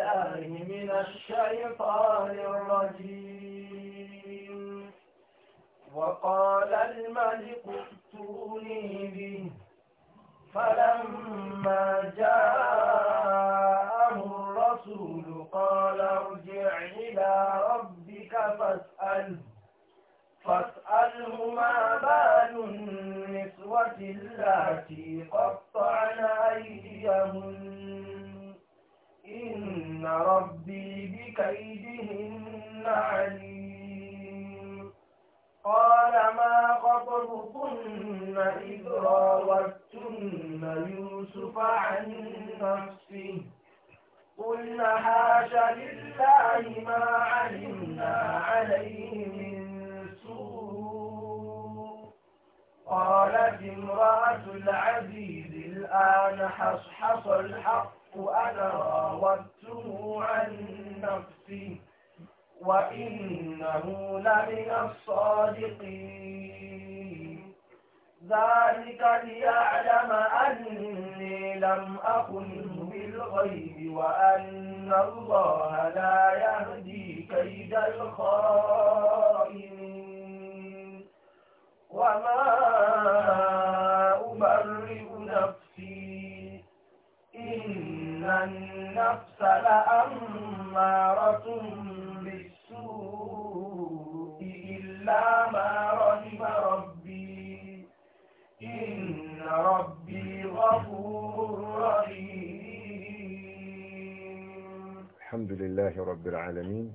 بالله من الشيطان الرجيم وقال الملك ائتوني به فلما جاءه الرسول قال ارجع إلى ربك فاسأله فاسأله ما بال النسوة التي قطعن أيديهن إن ربي بكيدهن عليم قال ما خطبكن إذ راوتن يوسف عن نفسه قلنا حاش لله ما علمنا عليه من سوء قالت امرأة العزيز الآن حصحص الحق أنا راودته عن نفسي وإنه لمن الصادقين ذلك ليعلم أني لم أكن بالغيب وأن الله لا يهدي كيد الخائنين وما إن النفس لأمارة بالسوء إلا ما رحم ربي إن ربي غفور رحيم الحمد لله رب العالمين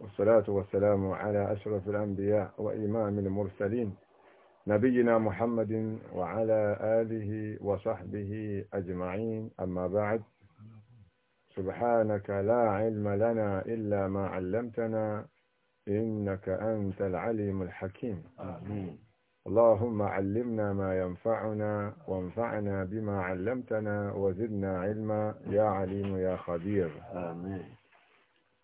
والصلاة والسلام على أشرف الأنبياء وإمام المرسلين نبينا محمد وعلى آله وصحبه أجمعين أما بعد سبحانك لا علم لنا إلا ما علمتنا إنك أنت العليم الحكيم آمين اللهم علمنا ما ينفعنا وانفعنا بما علمتنا وزدنا علما يا عليم يا خبير آمين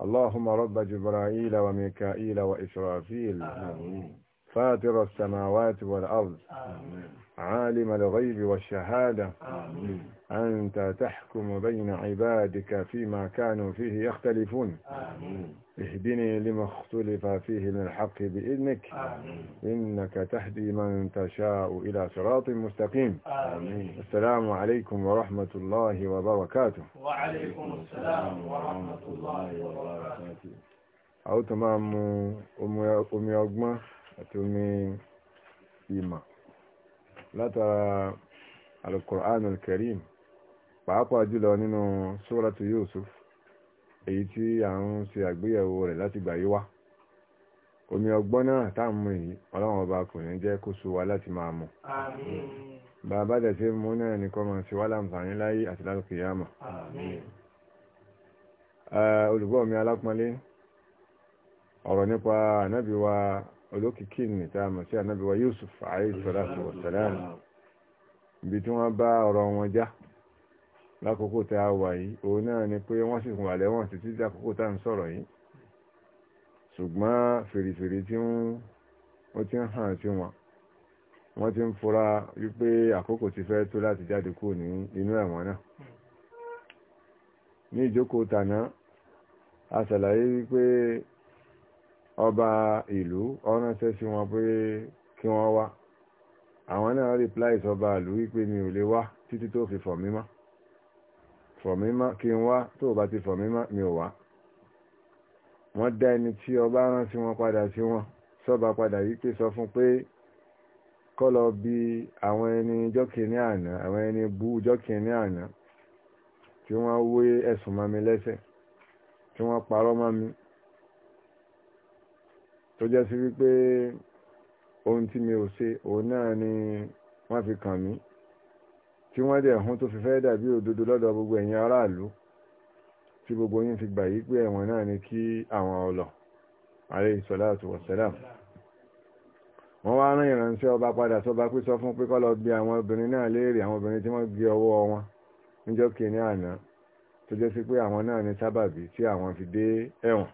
اللهم رب جبرائيل وميكائيل وإسرافيل آمين فاتر السماوات والأرض آمين. عالم الغيب والشهادة آمين. أنت تحكم بين عبادك فيما كانوا فيه يختلفون آمين. اهدني لما اختلف فيه من الحق بإذنك آمين. إنك تهدي من تشاء إلى صراط مستقيم آمين. السلام عليكم ورحمة الله وبركاته وعليكم السلام ورحمة الله وبركاته أو تمام أم أمي أجمع àti omi ìmọ̀ látara alukur'an alkarim pàápàá jùlọ nínú suratu Yusuf èyí tí à ń ṣe àgbéyẹ̀wò rẹ̀ láti gbà yí wá omi ọgbọ́n náà tá mú yìí ọlọ́run ọba kò ní jẹ́ kó sú wa láti máa mu àmín bàbá dẹ̀ tí mú náà ní kọ́mọ̀ sí wá láǹfààní láyé àti lálùkì yàmà àmín olùgbọ́ mi alápọ́nlé ọ̀rọ̀ nípa ànábì wa olókìkí ní tá a mọ̀ sí ànábì Yusuf alayhi salatu wa salam ibi tí wọ́n bá ọ̀rọ̀ wọn já lákòókò tá a wà yìí òun náà ni pé wọ́n sì wà lẹ́wọ̀n títí lákòókò tá à ń sọ̀rọ̀ yìí ṣùgbọ́n fèrèfèrè tí wọ́n ti ń hàn sí wọn wọ́n ti ń fura wípé àkókò ti fẹ́ tó láti jáde kúrò ní inú ẹ̀wọ̀n náà ní ìjókòó tàná a ṣàlàyé wípé ọba ìlú ọ̀ránṣẹ́ sí wọn pé kí wọ́n wá àwọn náà reply sọba ìlú wípé mi ò lè wá títí tó fi fọ̀ mímọ́ fọ̀ mímọ́ kí n wá tó bá ti fọ̀ mímọ́ mi ò wá wọ́n dá ẹni tí ọba rán sí wọn padà sí wọn sọba padà wípé sọ fún pé kọ́ lọ bí àwọn ẹni jọ́kìnní àná àwọn ẹni bú jọ́kìnní àná tí wọ́n wé ẹ̀sùn mọ́ mi lẹ́sẹ̀ tí wọ́n parọ́ mọ́ mi tó jẹ́ sí wípé ohun tí mi ò ṣe òun náà ni wọ́n fi kàn mí tí wọ́n dẹ̀ hún tó fi fẹ́ dàbí òdodo lọ́dọ̀ gbogbo ẹ̀yin aráàlú tí gbogbo yín fi gbà yí pé ẹ̀wọ̀n náà ni kí àwọn ọlọ̀ alayhi salatu wassalam wọ́n wá rán ìrànṣẹ́ ọba padà sọba pé sọ fún pé kó lọ bi àwọn obìnrin náà léèrè àwọn obìnrin tí wọ́n gé ọwọ́ wọn níjọ́ kìíní àná tó jẹ́ sí pé àwọn náà ni sábàbí tí àwọn fi dé ẹ̀wọ̀n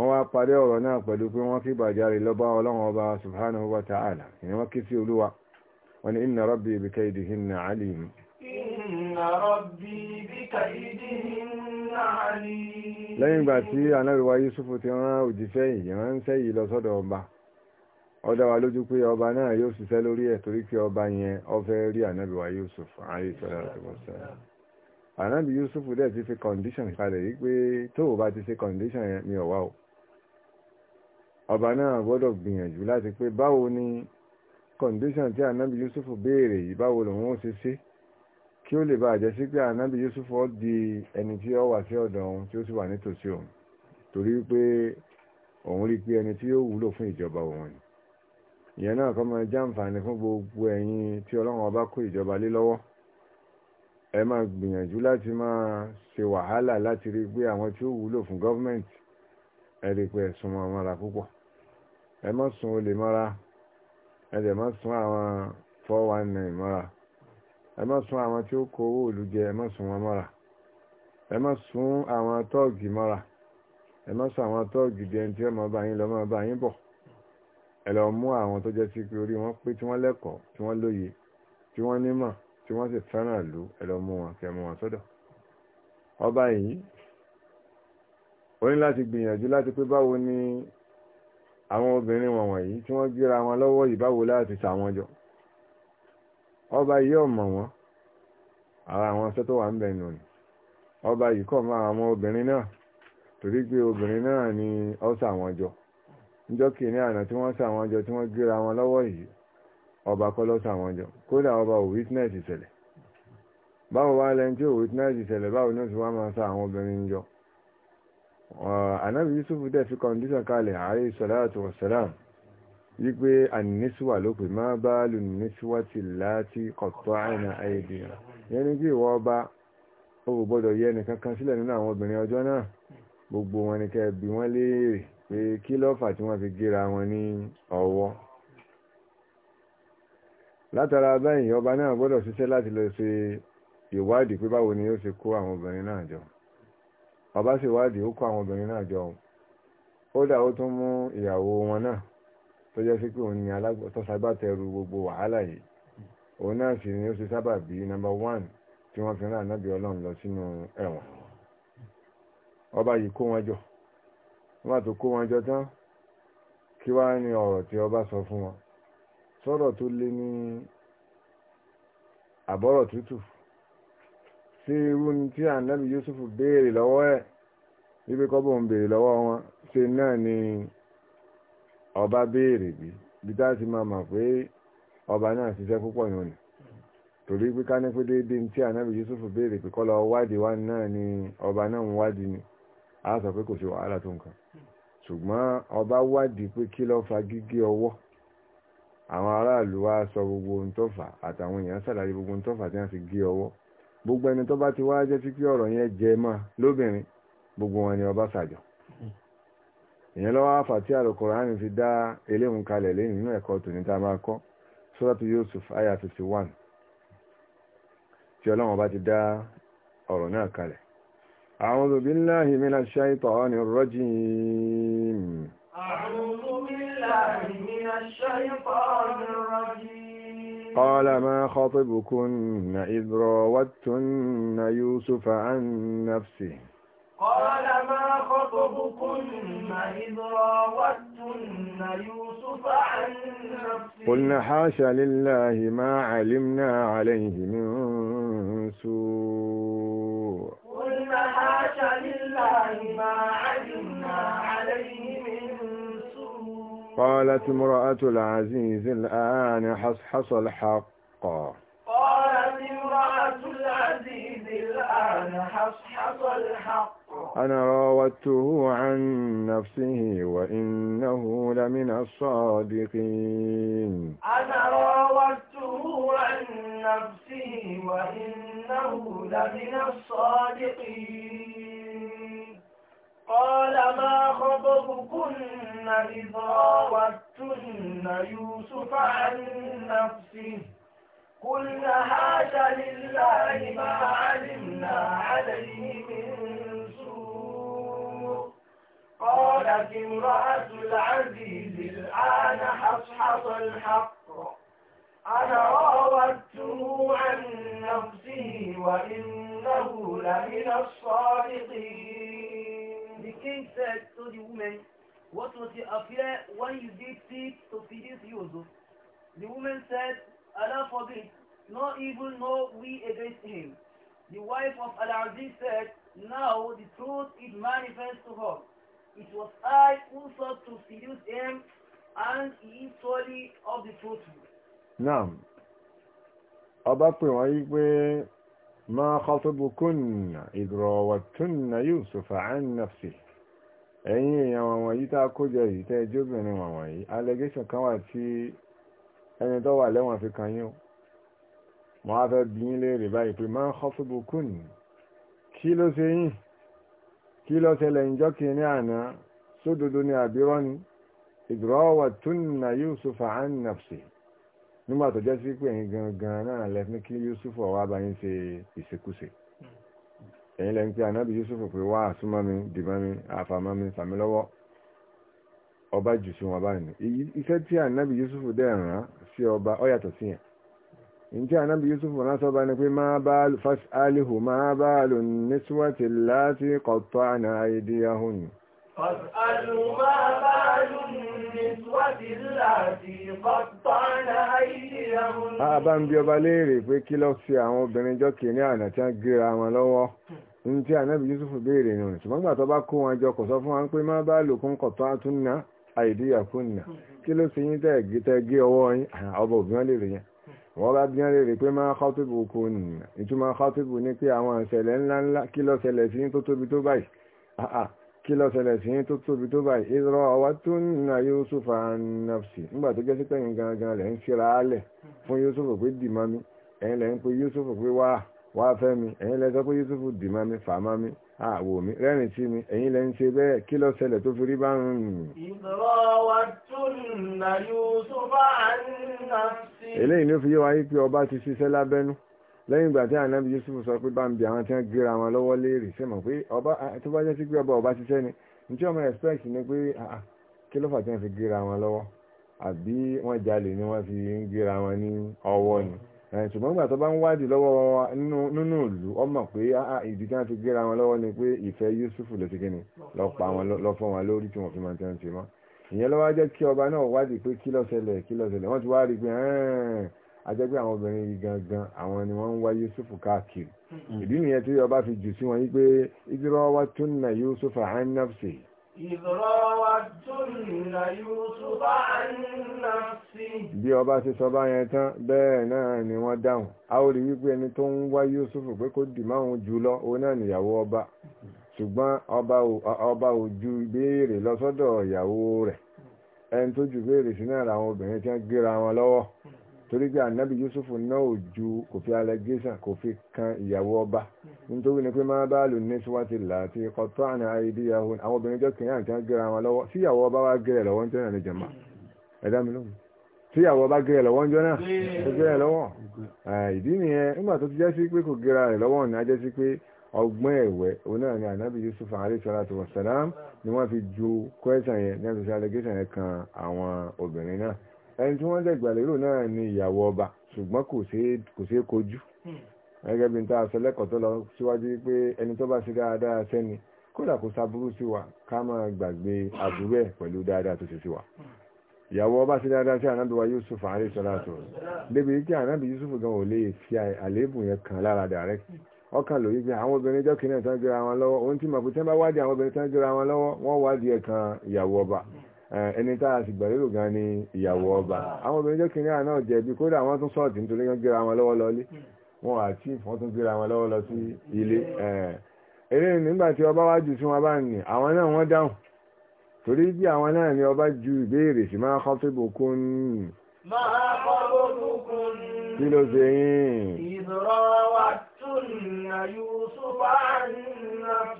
wọ́n wá parí ọ̀rọ̀ náà pẹ̀lú pé wọ́n kí bàjáre lọ́bá ọlọ́run ọba subhanahu wa ta'ala ìní wọ́n kí sí olúwa wọ́n ni inna lẹ́yìn ìgbà tí yusufu ti rán yìí lọ sọ́dọ̀ ọba ó wa lójú pé ọba náà yóò ṣiṣẹ́ lórí ẹ̀ torí pé ọba yẹn rí yusuf yusuf ti fi kalẹ̀ o bá ti ọba náà gbọ́dọ̀ gbìyànjú láti pé báwo ni kọ̀ǹdíṣàn tí ànábì Yusuf béèrè yìí báwo lòun ó ṣe ṣe kí ó lè bá àjẹ́ sí pé ànábì Yusuf ó di ẹni tí ó wà sí ọ̀dọ̀ òun tí ó sì wà nítòsí òun torí pé òun rí pé ẹni tí ó wúlò fún ìjọba òun ni ìyẹn náà kọ́ máa jàǹfààní fún gbogbo ẹ̀yin tí ọlọ́run ọba kó ìjọba lé lọ́wọ́ ẹ máa gbìyànjú láti máa ṣe wàhálà láti rí pé àwọn tí ó wúlò fún gọ́ọ̀mẹ̀ntì ẹ rí pé ẹ̀sùn wọn mọ́ra púpọ̀ ẹ má sun olè mọ́ra ẹ dẹ̀ má sun àwọn 419 mọ́ra ẹ má sun àwọn tí ó kó owó ìlú jẹ ẹ má sun wọn mọ́ra ẹ má sun àwọn tọ́ọ̀gì mọ́ra ẹ má sun àwọn tọ́ọ̀gì bí ẹni tí ó máa bá yín lọ máa bá yín bọ̀ ẹ lọ mú àwọn tó jẹ́ sí pé orí wọn pé tí wọ́n lẹ́kọ̀ọ́ tí wọ́n lóye tí wọ́n nímọ̀ tí wọ́n sì fẹ́ràn ìlú ẹ lọ mú wọn kẹ mú wọn sọ́dọ̀ ọba yìí ó ní láti gbìyànjú láti pé báwo ni àwọn obìnrin wọn wọ̀nyí tí wọ́n gbéra wọn lọ́wọ́ yìí báwo láti sàwọn jọ ọba yìí ọmọ wọn ara àwọn aṣọ tó wà ń bẹ̀nu ni ọba yìí kọ̀ mọ́ àwọn obìnrin náà torí pé obìnrin náà ni ó sàwọn jọ níjọ́ kìíní àná tí wọ́n sàwọn jọ tí wọ́n gbéra wọn lọ́wọ́ yìí ọba kọ́ ló sàwọn jọ kódà ọba ò witness ìṣẹ̀lẹ̀ báwo wá lẹ́ni tí ò witness ìṣẹ̀lẹ̀ báwo ni ó ti wá máa sa àwọn obìnrin jọ anábi yusuf dẹ̀ fi kọndíṣàn kalẹ̀ alayhi salatu wassalam wípé àníníṣíwà ló pè má bá lùníṣíwà ti láti kọ̀tọ́ àìnà àìdìyàn yẹn ní kí ìwọ ọba ó gbọ́dọ̀ yẹ ẹnì kankan sílẹ̀ nínú àwọn obìnrin ọjọ́ náà gbogbo wọn ni kẹ́ bí wọ́n léèrè pé kí lọ́fà tí wọ́n fi gíra wọn ní ọwọ́ látara báyìí ọba náà gbọ́dọ̀ ṣiṣẹ́ láti lọ ṣe ìwádìí pé báwo ni ó ṣe kó àwọn obìnrin náà jọ bàbá ṣèwádìí ó kó àwọn obìnrin náà jọ ó dà ó tún mú ìyàwó wọn náà tó jẹ́ sí pé òun ni alágbàtọ́sàgbàtẹrù gbogbo wàhálà yìí òun náà sì ni ó ṣe sábà bí nọmba one tí wọ́n fi rán ànábì ọlọ́run lọ sínú ẹ̀wọ̀n ọba yìí kó wọn jọ wọ́n tó kó wọn jọ tán kí wá ní ọ̀rọ̀ tí ọba sọ fún wọn sọ̀rọ̀ tó lé ní àbọ̀rọ̀ tútù sí irú tí ànábì Yusuf béèrè lọ́wọ́ ẹ̀ wípé kọ́bọ̀ ń béèrè lọ́wọ́ wọn ṣe náà ni ọba béèrè bí bí tá a ti máa mọ̀ pé ọba náà ṣiṣẹ́ púpọ̀ yàn ni torí pé ká ní pé tí ànábì Yusuf béèrè pé kọ́ lọ wádìí wá náà ni ọba náà ń wádìí ni a sọ pé kò sí wàhálà tó nǹkan ṣùgbọ́n ọba wádìí pé kí ló fa gígé ọwọ́ àwọn aráàlú wa sọ gbogbo ohun tó fà àtàwọn èèyàn ṣàlàyé gbogbo ohun tó fà tí wọ́n fi gé ọwọ́ gbogbo ẹni tó bá ti wá jẹ́ sí ọrọ ọ̀rọ̀ yẹn jẹ máa lóbìnrin gbogbo wọn ni ọba ìyẹn lọ́wọ́ àfà tí àlùkùránì fi dá eléhùn kalẹ̀ lẹ́yìn nínú ẹ̀kọ́ tòní tá a máa kọ́ sọ́dọ̀tù Yusuf aya 51 tí bá ti dá ọ̀rọ̀ náà kalẹ̀ a'udhu billahi ni قال ما خطبكن إذ راوتن يوسف عن نفسه قال ما خطبكن إذ راوتن يوسف عن نفسه قلنا حاشا لله ما علمنا عليه من سوء قلنا حاشا لله ما علمنا عليه قالت امرأة العزيز الآن حصحص الحق قالت امرأة العزيز الآن حصحص الحق أنا راودته عن نفسه وإنه لمن الصادقين أنا راودته عن نفسه وإنه لمن الصادقين قال ما خطبكن إذ راوتن يوسف عن نفسه قلنا هذا لله ما علمنا عليه من سوء قالت امرأة العزيز الآن حصحص الحق أنا راودته عن نفسه وإنه لمن الصادقين became said to the woman, What was your affair when you did seek to seduce Yusuf? The woman said, Allah forbid, no evil know we against him. The wife of Al-Aziz said, Now the truth is manifest to her. It was I who sought to seduce him, and he is surely of the truth. Now Ọba pè wọ́n yí pé máa kọ́ tó bukún ìdúrọ̀wọ̀tún na Yusuf àán nàfsì ẹ̀yin èèyàn wọ̀nwọ̀n yìí tá a kójọ yìí tẹ́ jóbìnrin wọ̀nwọ̀n yìí allegation kan wà tí ẹni tó wà lẹ́wọ̀n fi kan yín o mo á fẹ́ bí yín léèrè báyìí pé máa ń kọ́ fún bukun kí ló ṣe yín kí ló ṣẹlẹ̀ ìjọ kìíní àná sódodo ni àbírọ́ ni ìdúrọ́wọ̀ tún na Yusufa an nafsi nígbà tó jẹ́ sí pé ẹ̀yin gangan náà lẹ́fún kí Yusufa wá bá yín ṣe ìṣekúṣe ẹ̀yin lẹ́yìn pé anábì Yusuf pé wá àsúnmọ́ mi dìbọn mi àfàmọ́ mi fàmí lọ́wọ́ ọba jù sí wọn báyìí iṣẹ́ tí anábì Yusuf dẹ̀ rán sí ọba ó yàtọ̀ sí yẹn njẹ́ anábì Yusuf náà sọ́ba ni pé máa bá fas'alihu máa bá lò nísúwàtí láti kọ̀tọ́ àná àìdíyàhùn fas'alihu máa a bá ń bí ọba léèrè pé kí ló ṣe àwọn obìnrin jọ́kì ní àná tí wọ́n gé wọn lọ́wọ́ ń tí ànábì Yusuf béèrè nù ṣùgbọ́n gbà tó bá kó wọn jọ kò sọ fún wa pé má bá lò kún kọ̀tọ́ àtúnná àìdíyà kúnná kí ló ṣe yín tẹ́ gé ọwọ́ yín ọba òbí wọn lè rè yẹn wọ́n bá bí wọ́n lè rí pé máa kọ́tìbù kò nìyàn ìtumọ̀ kọ́tìbù ní pé àwọn ìṣẹ̀lẹ̀ ńláńlá kí ló sí tó tó tóbi tó báyìí Yusuf anafsi nígbà tó jẹ́ sí pẹ́yìn gangan Yusuf pé dì mọ́mí ẹ̀yìn Yusuf pé wá fẹ́ mi ẹ̀yin lẹ sọ pé Yusuf dì má mi fà má mi àwò mi rẹ́rìn sí mi ẹ̀yin lẹ ń ṣe bẹ́ẹ̀ kí ló ṣẹlẹ̀ tó fi rí bá ń rìn. ìdúró wa tún nà Yusuf àná sí. eléyìí ló fi yé wa yí pé ọba ti ṣiṣẹ́ lábẹ́nú lẹ́yìn ìgbà tí ànábi Yusuf sọ pé bá ń bi àwọn tí wọ́n gbéra wọn lọ́wọ́ léèrè ṣe mọ̀ pé ọba tó bá jẹ́ sí pé ọba ọba ṣiṣẹ́ ni njẹ́ ọmọ expect ni pé kí ló fà tí wọ́n fi gbéra wọn lọ́wọ́ àbí wọ́n jalè ni wọ́n fi ń gbéra wọn ní ọwọ́ ni ṣùgbọ́n gbà tó bá ń wádìí lọ́wọ́ nínú ìlú ọmọ pé ah, ah, ìdí tí wọ́n ti gbéra wọn lọ́wọ́ ni pé ìfẹ́ Yusufu ló ti kí ni lọ pa wọn lọ fọ́ wọn lórí tí wọ́n fi máa ti ń ṣe mọ́ ìyẹn ló wá jẹ́ kí ọba náà wádìí pé kí ló ṣẹlẹ̀ kí ló ṣẹlẹ̀ wọ́n ti wá rí i pé ajẹ́gbẹ́ àwọn obìnrin yìí gangan àwọn ni wọ́n ń wá Yusufu káàkiri hmm. ìdí nìyẹn tí ọba fi jù sí wọn yí pé ìdírọ́wọ́ tún nà Yusufu hannafsi bí ọba ṣe sọ bá yẹn tán bẹ́ẹ̀ náà ni wọ́n dáhùn a ó rí wípé ẹni tó ń wá Yúsúfù pé kó dì máa ń jù lọ òun náà nìyàwó ọba ṣùgbọ́n ọba ò ju béèrè lọ sọ́dọ̀ ìyàwó rẹ̀ ẹni tó ju béèrè sí náà làwọn obìnrin tí wọ́n gbéra wọn lọ́wọ́ torí pé ànábì Yúsúfù náà ò ju kò fi allegation kò fi kan ìyàwó ọba nítorí ni pé máa bá lù ní síwájú láti ọ̀tọ́ àná àìdí yahoo àwọn obìnrin jọ kìnìyàn àti gẹ́ra wọn lọ́wọ́ sí ìyàwó ọba wá gẹ́rẹ̀ lọ́wọ́ ń tẹ́rẹ̀ ní jẹ̀mọ́ ẹ̀dá mi lóhùn tí ìyàwó bá gẹ́rẹ̀ lọ́wọ́ ń jọ náà ó gẹ́rẹ̀ lọ́wọ́ ìdí nìyẹn nígbà tó ti jẹ́ sí pé kò gẹ́ra lọ́wọ́ ní ajẹ́ sí pé ọgbọ́n ẹ̀wẹ̀ onáà ni ànábì Yusuf alayhi salatu wassalam ni wọ́n fi ju kwẹ́sàn yẹn ní àtúnṣe allegation yẹn kan àwọn obìnrin náà ẹni tí wọ́n dẹ̀gbà lérò náà ni ìyàwó ọba ṣùgbọ́n kò ṣeé kojú hmm. gẹ́gẹ́ bí n ta aṣọ lẹ́kọ̀ọ́ tó lọ síwájú pé ẹni tó bá ṣe dáadáa sẹ́ni kódà kò sábúrú sí wa ká máa gbàgbé àbúrú ẹ̀ pẹ̀lú dáadáa tó ṣe sí wa hmm. ìyàwó ọba ṣe dáadáa sí ànábì wa Yusuf alayhi salatu débi kí ànábì Yusuf gan ò lè fi àléébù yẹn kàn lára direct hmm. ọkàn ló yí pé àwọn obìnrin jọ́kìnrin tán gbéra wọn lọ́wọ́ ohun tí màkùtẹ́ bá wádìí àwọn obìnrin tán gbéra wọn lọ́wọ́ wọ́n wádìí ẹ̀kan ìyàwó ọba Eh, ẹni tá a sì gbà lérò gan ni ìyàwó ọba àwọn obìnrin jẹ́ kìnìún àná jẹ̀bi kódà àwọn tún sọ́ọ̀tì nítorí wọ́n gbéra wọn lọ́wọ́ lọ́lé wọn àti wọ́n tún gbéra wọn lọ́wọ́ lọ sí ilé eré eh, nígbà tí ọba wá jù sí wọn bá nì àwọn náà wọ́n dáhùn torí bí àwọn náà ni ọba ju ìbéèrè sí máa kọ́ fébùkún nìyí Kí ló ṣe yín?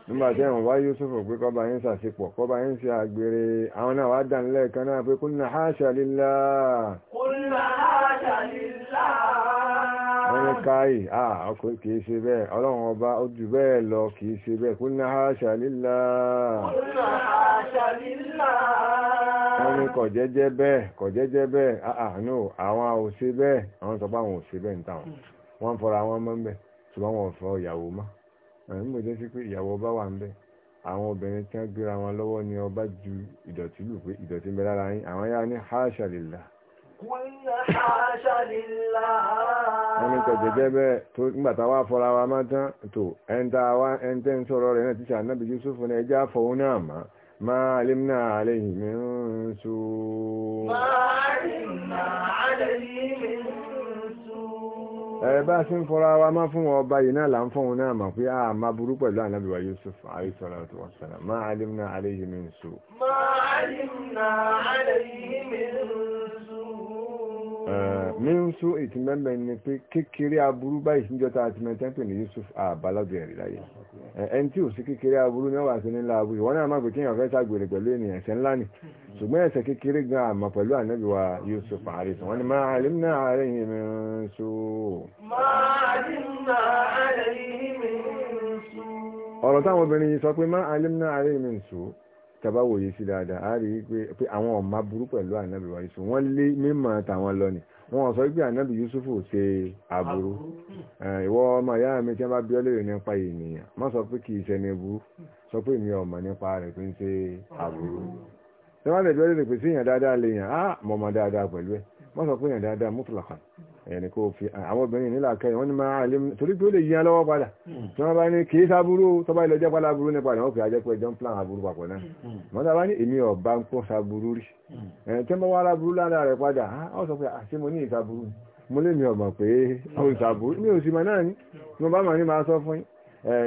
Nígbà tí ẹ̀wọ̀n wá Yúsùfù pé kọba yín sàṣepọ̀, kọba yín sí àgbèrè, àwọn náà wá dà nílẹ̀ kan náà pé kúnnà háṣà lílá. Kúnnà háṣà lílá ní káyì ọkùnrin kìí ṣe bẹ́ẹ̀ ọlọ́run ọba ó jù bẹ́ẹ̀ lọ kìí ṣe bẹ́ẹ̀ kún náà haṣà lílá wọ́n ní kò jẹ́jẹ́ bẹ́ẹ̀ kò jẹ́jẹ́ bẹ́ẹ̀ àánú àwọn ò ṣe bẹ́ẹ̀ àwọn sọ pé àwọn ò ṣe bẹ́ẹ̀ ń táwọn wọ́n fọ́ra àwọn ọmọ ń ṣùgbọ́n wọn ò ìyàwó mọ́ ẹ̀mí mo jẹ́ sí pé ìyàwó ọba wà ń bẹ̀ àwọn obìnrin tí wọ́n gbéra wọn lọ́wọ́ ni ọba ju ìdọ̀tí lù pé ìdọ̀tí ń bẹ lára yín àwọn yára ní haṣà lílá. kúnlẹ̀ haṣà lílá. wọ́n ní kọ̀jẹ̀ jẹ́ bẹ́ẹ̀ tó nígbàtà wá fọ́ra wa máa tán tó ẹ̀ńtà wá Yusuf ní ẹjẹ́ àfọwọ́ náà máa alimna alayhi min su. ẹ bá a ṣe ń fọ́ra wa máa fún wọn ọba yìí náà là ń a máa burú pẹ̀lú ànábì wa Yusuf alayhi salatu wa salam máa ma alimna Eh, mímsú ìtìmẹ́mẹ́ ni pé kékeré aburú báyìí síjọta àti mẹ́tẹ́ńpì ní Yusuf àbálọ́dọ̀ ẹ̀rí láyé eh, ẹni tí ò sí kekere aburu ní ọ̀wà sí nílá aburú ìwọ́n náà máa gbèkéyàn fẹ́ ṣàgbèrè pẹ̀lú ènìyàn ẹ̀ṣẹ̀ ńlá ni ṣùgbọ́n ẹ̀ṣẹ̀ kékeré gan àmọ́ pẹ̀lú ànábì wa Yusuf ààrẹ sọ wọ́n ni máa àlẹ́ náà ààrẹ yìí mi ń ọ̀rọ̀ táwọn obìnrin yìí sọ pé àlẹ́ náà ààrẹ yìí mi ń so tàbá wòye sí dáadáa a rí i pé àwọn ọ̀ma burú pẹ̀lú ànábì wa Yusuf wọ́n lé mímọ̀ tàwọn lọ ni wọ́n sọ pé ànábì Yusuf ò ṣe àbúrú ìwọ ọmọ ìyá mi tí wọ́n bá bí ọlẹ́rìí nípa ènìyàn má sọ pé kì í ṣe ní burú sọ pé mi ò nípa rẹ̀ pé ń ṣe àbúrú tí wọ́n lè bí ọlẹ́rìí pé sí èèyàn dáadáa lè á mọ̀ mọ̀ dáadáa pẹ̀lú ẹ̀ wọ́n sọ pé yàn dáadáa mọ́tòlákan ẹ̀yàn ni kò fi àwọn obìnrin nílà kẹrin wọ́n ni máa àlè torí pé ó lè yíyan lọ́wọ́ padà hmm. tí wọ́n bá ní kì í sábúrú tó bá ilẹ̀ jẹ́ padà burú nípa ìwọ̀n fi ajẹ́ pé ẹjọ́ ń plan aburú papọ̀ náà wọ́n hmm. hmm. sábà ní èmi ọ̀bá ń pọ̀ sábúrú rí ẹ̀yàn tí wọ́n wá aburú lára rẹ̀ padà ó sọ pé àṣé mo ní ìsaburú mo lè mi ọ̀mọ̀ pé ó ń mi ò sì mọ̀ náà ni mo bá mọ̀ ní máa sọ fún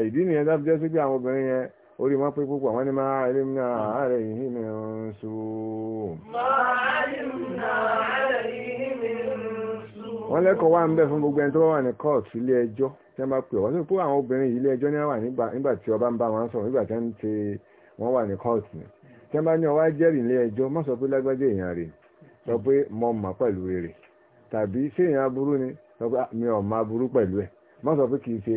ìdí nìyẹn dábí jẹ́ sí pé àwọn obìnrin yẹn orí wọn pé púpọ̀ wọn ni máa rí mi náà àárẹ̀ yìí mi ń wọ́n lẹ́kọ̀ọ́ wà ń bẹ̀ fún gbogbo ẹni tó wà ní kóòtù ilé ẹjọ́ tí wọ́n bá pè wọ́n sọ pé àwọn obìnrin yìí ilé ẹjọ́ ní wà nígbà tí ọba ń bá wọn sọ̀rọ̀ nígbà tí wọ́n wà ní kóòtù ni tí wọ́n bá ní ọwá jẹ́rìí ilé ẹjọ́ má sọ pé lágbájá èèyàn rè sọ pé mo mà pẹ̀lú èrè tàbí ṣé èèyàn aburú ni sọ pé ah, mi ò má aburú pẹ̀lú ẹ̀ má sọ pé kì í ṣe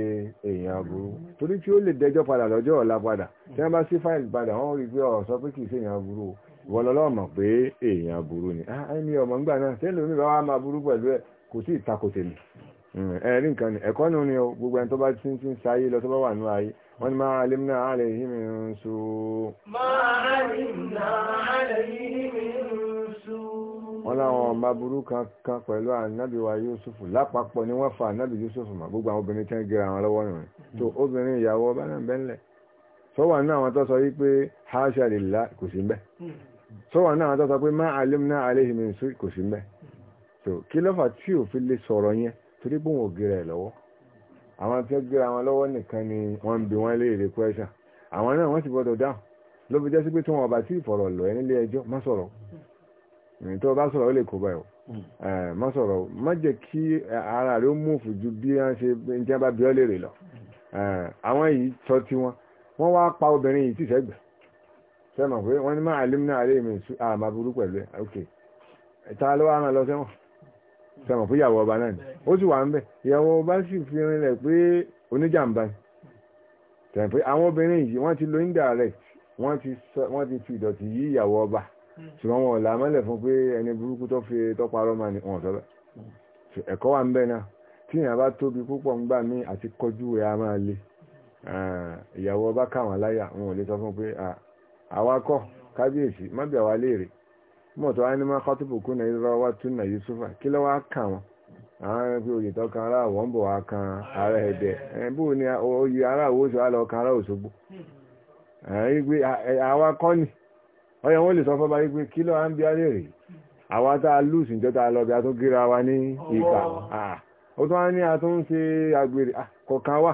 èèyàn aburú torí tí ó lè dẹjọ́ padà lọ́jọ́ ọ̀la padà tí wọ́n bá sí fáìlì padà wọ́n rí pé ọ̀ sọ pé kì í ṣe èèyàn aburú o wọ́n lọ́lọ́ pé èèyàn aburú ni ẹni ah, ọmọ ńgbà náà tẹ́lẹ̀ omi bá wà máa burú pẹ̀lú ẹ̀ kò sí ìtakò tèmi hmm, ẹ̀rí nǹkan ni ẹ̀kọ́ nù o gbogbo ẹni tó bá ti ń sáyé lọ tó bá wà ní ayé wọ́n ni máa alimna alayhi min su. máa alimna alayhi min su. wọ́n láwọn ọmọ burú kankan pẹ̀lú ànábì wa Yusuf lápapọ̀ ni wọ́n fa ànábì Yusuf mọ́ gbogbo àwọn obìnrin tẹ́ ń gera àwọn lọ́wọ́ nù tó obìnrin ìyàwó ọba náà bẹ́ńlẹ̀ sọ́wọ́n náà wọ́n tó sọ wípé haṣa lillah kò sí mbẹ́ sọ́wọ́n náà wọ́n tó sọ pé máa alimna alayhi min su kò sí mbẹ́ so kí ló fà tí òfin lè sọ̀rọ̀ yẹn torí pé wọn ò gíra ẹ̀ lọ́wọ́ àwọn tí ó gíra wọn lọ́wọ́ nìkan ni wọ́n ń bi wọ́n léèrè question àwọn náà wọ́n ti gbọ́dọ̀ dáhùn ló fi jẹ́ sí pé tí wọ́n bá tí ìfọ̀rọ̀ lọ ẹ nílé ẹjọ́ má sọ̀rọ̀ ìrìn tó bá sọ̀rọ̀ ó lè kó báyọ̀ hmm. má sọ̀rọ̀ má jẹ́ kí ara rẹ̀ ó múfù ju bí wọ́n ta ló wá rán lọ sẹ́wọ̀n sọmọ fún ìyàwó ọba náà ni ó sì wà ń bẹ ìyàwó ọba sì fi rinlẹ̀ pé oníjàmbá ni sọmọ pé àwọn obìnrin yìí wọ́n ti lo indirect wọ́n ti fi ìdọ̀tí yí ìyàwó ọba ṣùgbọ́n wọn ò là mọ́lẹ̀ fún pé ẹni burúkú tó fi tọ́parọ́ máa ní wọn sọ́lẹ̀ ẹ̀kọ́ wà ń bẹ náà tí ìyàn bá tóbi púpọ̀ ń gbà mí àti kọjú ẹ̀ a máa le ìyàwó ọba káwọn láyà wọn ò lè sọ fún pé àwa kọ́ kábíyèsí má bí àwa léèrè mọ̀tò ánimá kọ́tùpù kúnà ìrọwà túnà yusufa kí ló wá kà wọn àwọn pé oyè tọ́kan ara àwọn ń bọ̀ wá kan ara ẹ̀dẹ̀ bó ni oyè ara òwòsàn á lọ kan ara òṣogbo àwa kọ́ni ọyọ wọn lè sọ fọ́ba yìí pé kí ló à ń bí alẹ́ rèé àwa tá a lù sìn jọta lọ bí a tún gíra wa ní ìgbà ó tún á ní a tún ń ṣe agbèrè kọ̀ọ̀kan wà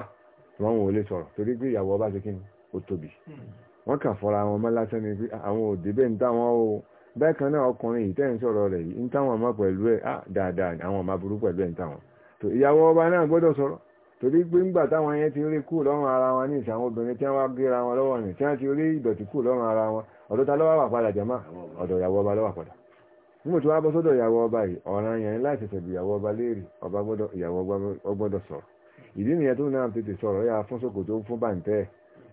wọn ò lè sọ̀rọ̀ torí pé ìyàwó ọba ṣe kí ni ó tóbi hmm. wọn kà fọ́ra wọn mọ́ lásán ni pé àwọn òdìbẹ́ ń táwọn o. bákan náà ọkùnrin yìí tẹ́ sọ̀rọ̀ rẹ̀ yìí ń ọmọ pẹ̀lú ẹ̀ ah, dáadáa àwọn ọmọ aburú pẹ̀lú ẹ̀ ń táwọn ìyàwó ọba náà gbọ́dọ̀ sọ̀rọ̀ torí pé ńgbà táwọn yẹn ti rí kú lọ́rùn ara wọn ní ìsàwọn obìnrin tí wọ́n gbéra wọn lọ́wọ́ ni tí wọ́n ti rí ìdọ̀tí kú lọ́rùn ara wọn ọ̀dọ̀ ta lọ́wọ́ wà padà jẹ́mà ọ̀dọ̀ ìyàwó ọba lọ́wọ́ padà nígbà tí wọ́n bọ́ sọ́dọ̀ ìyàwó ọba yìí yẹn ṣẹ̀ṣẹ̀ bí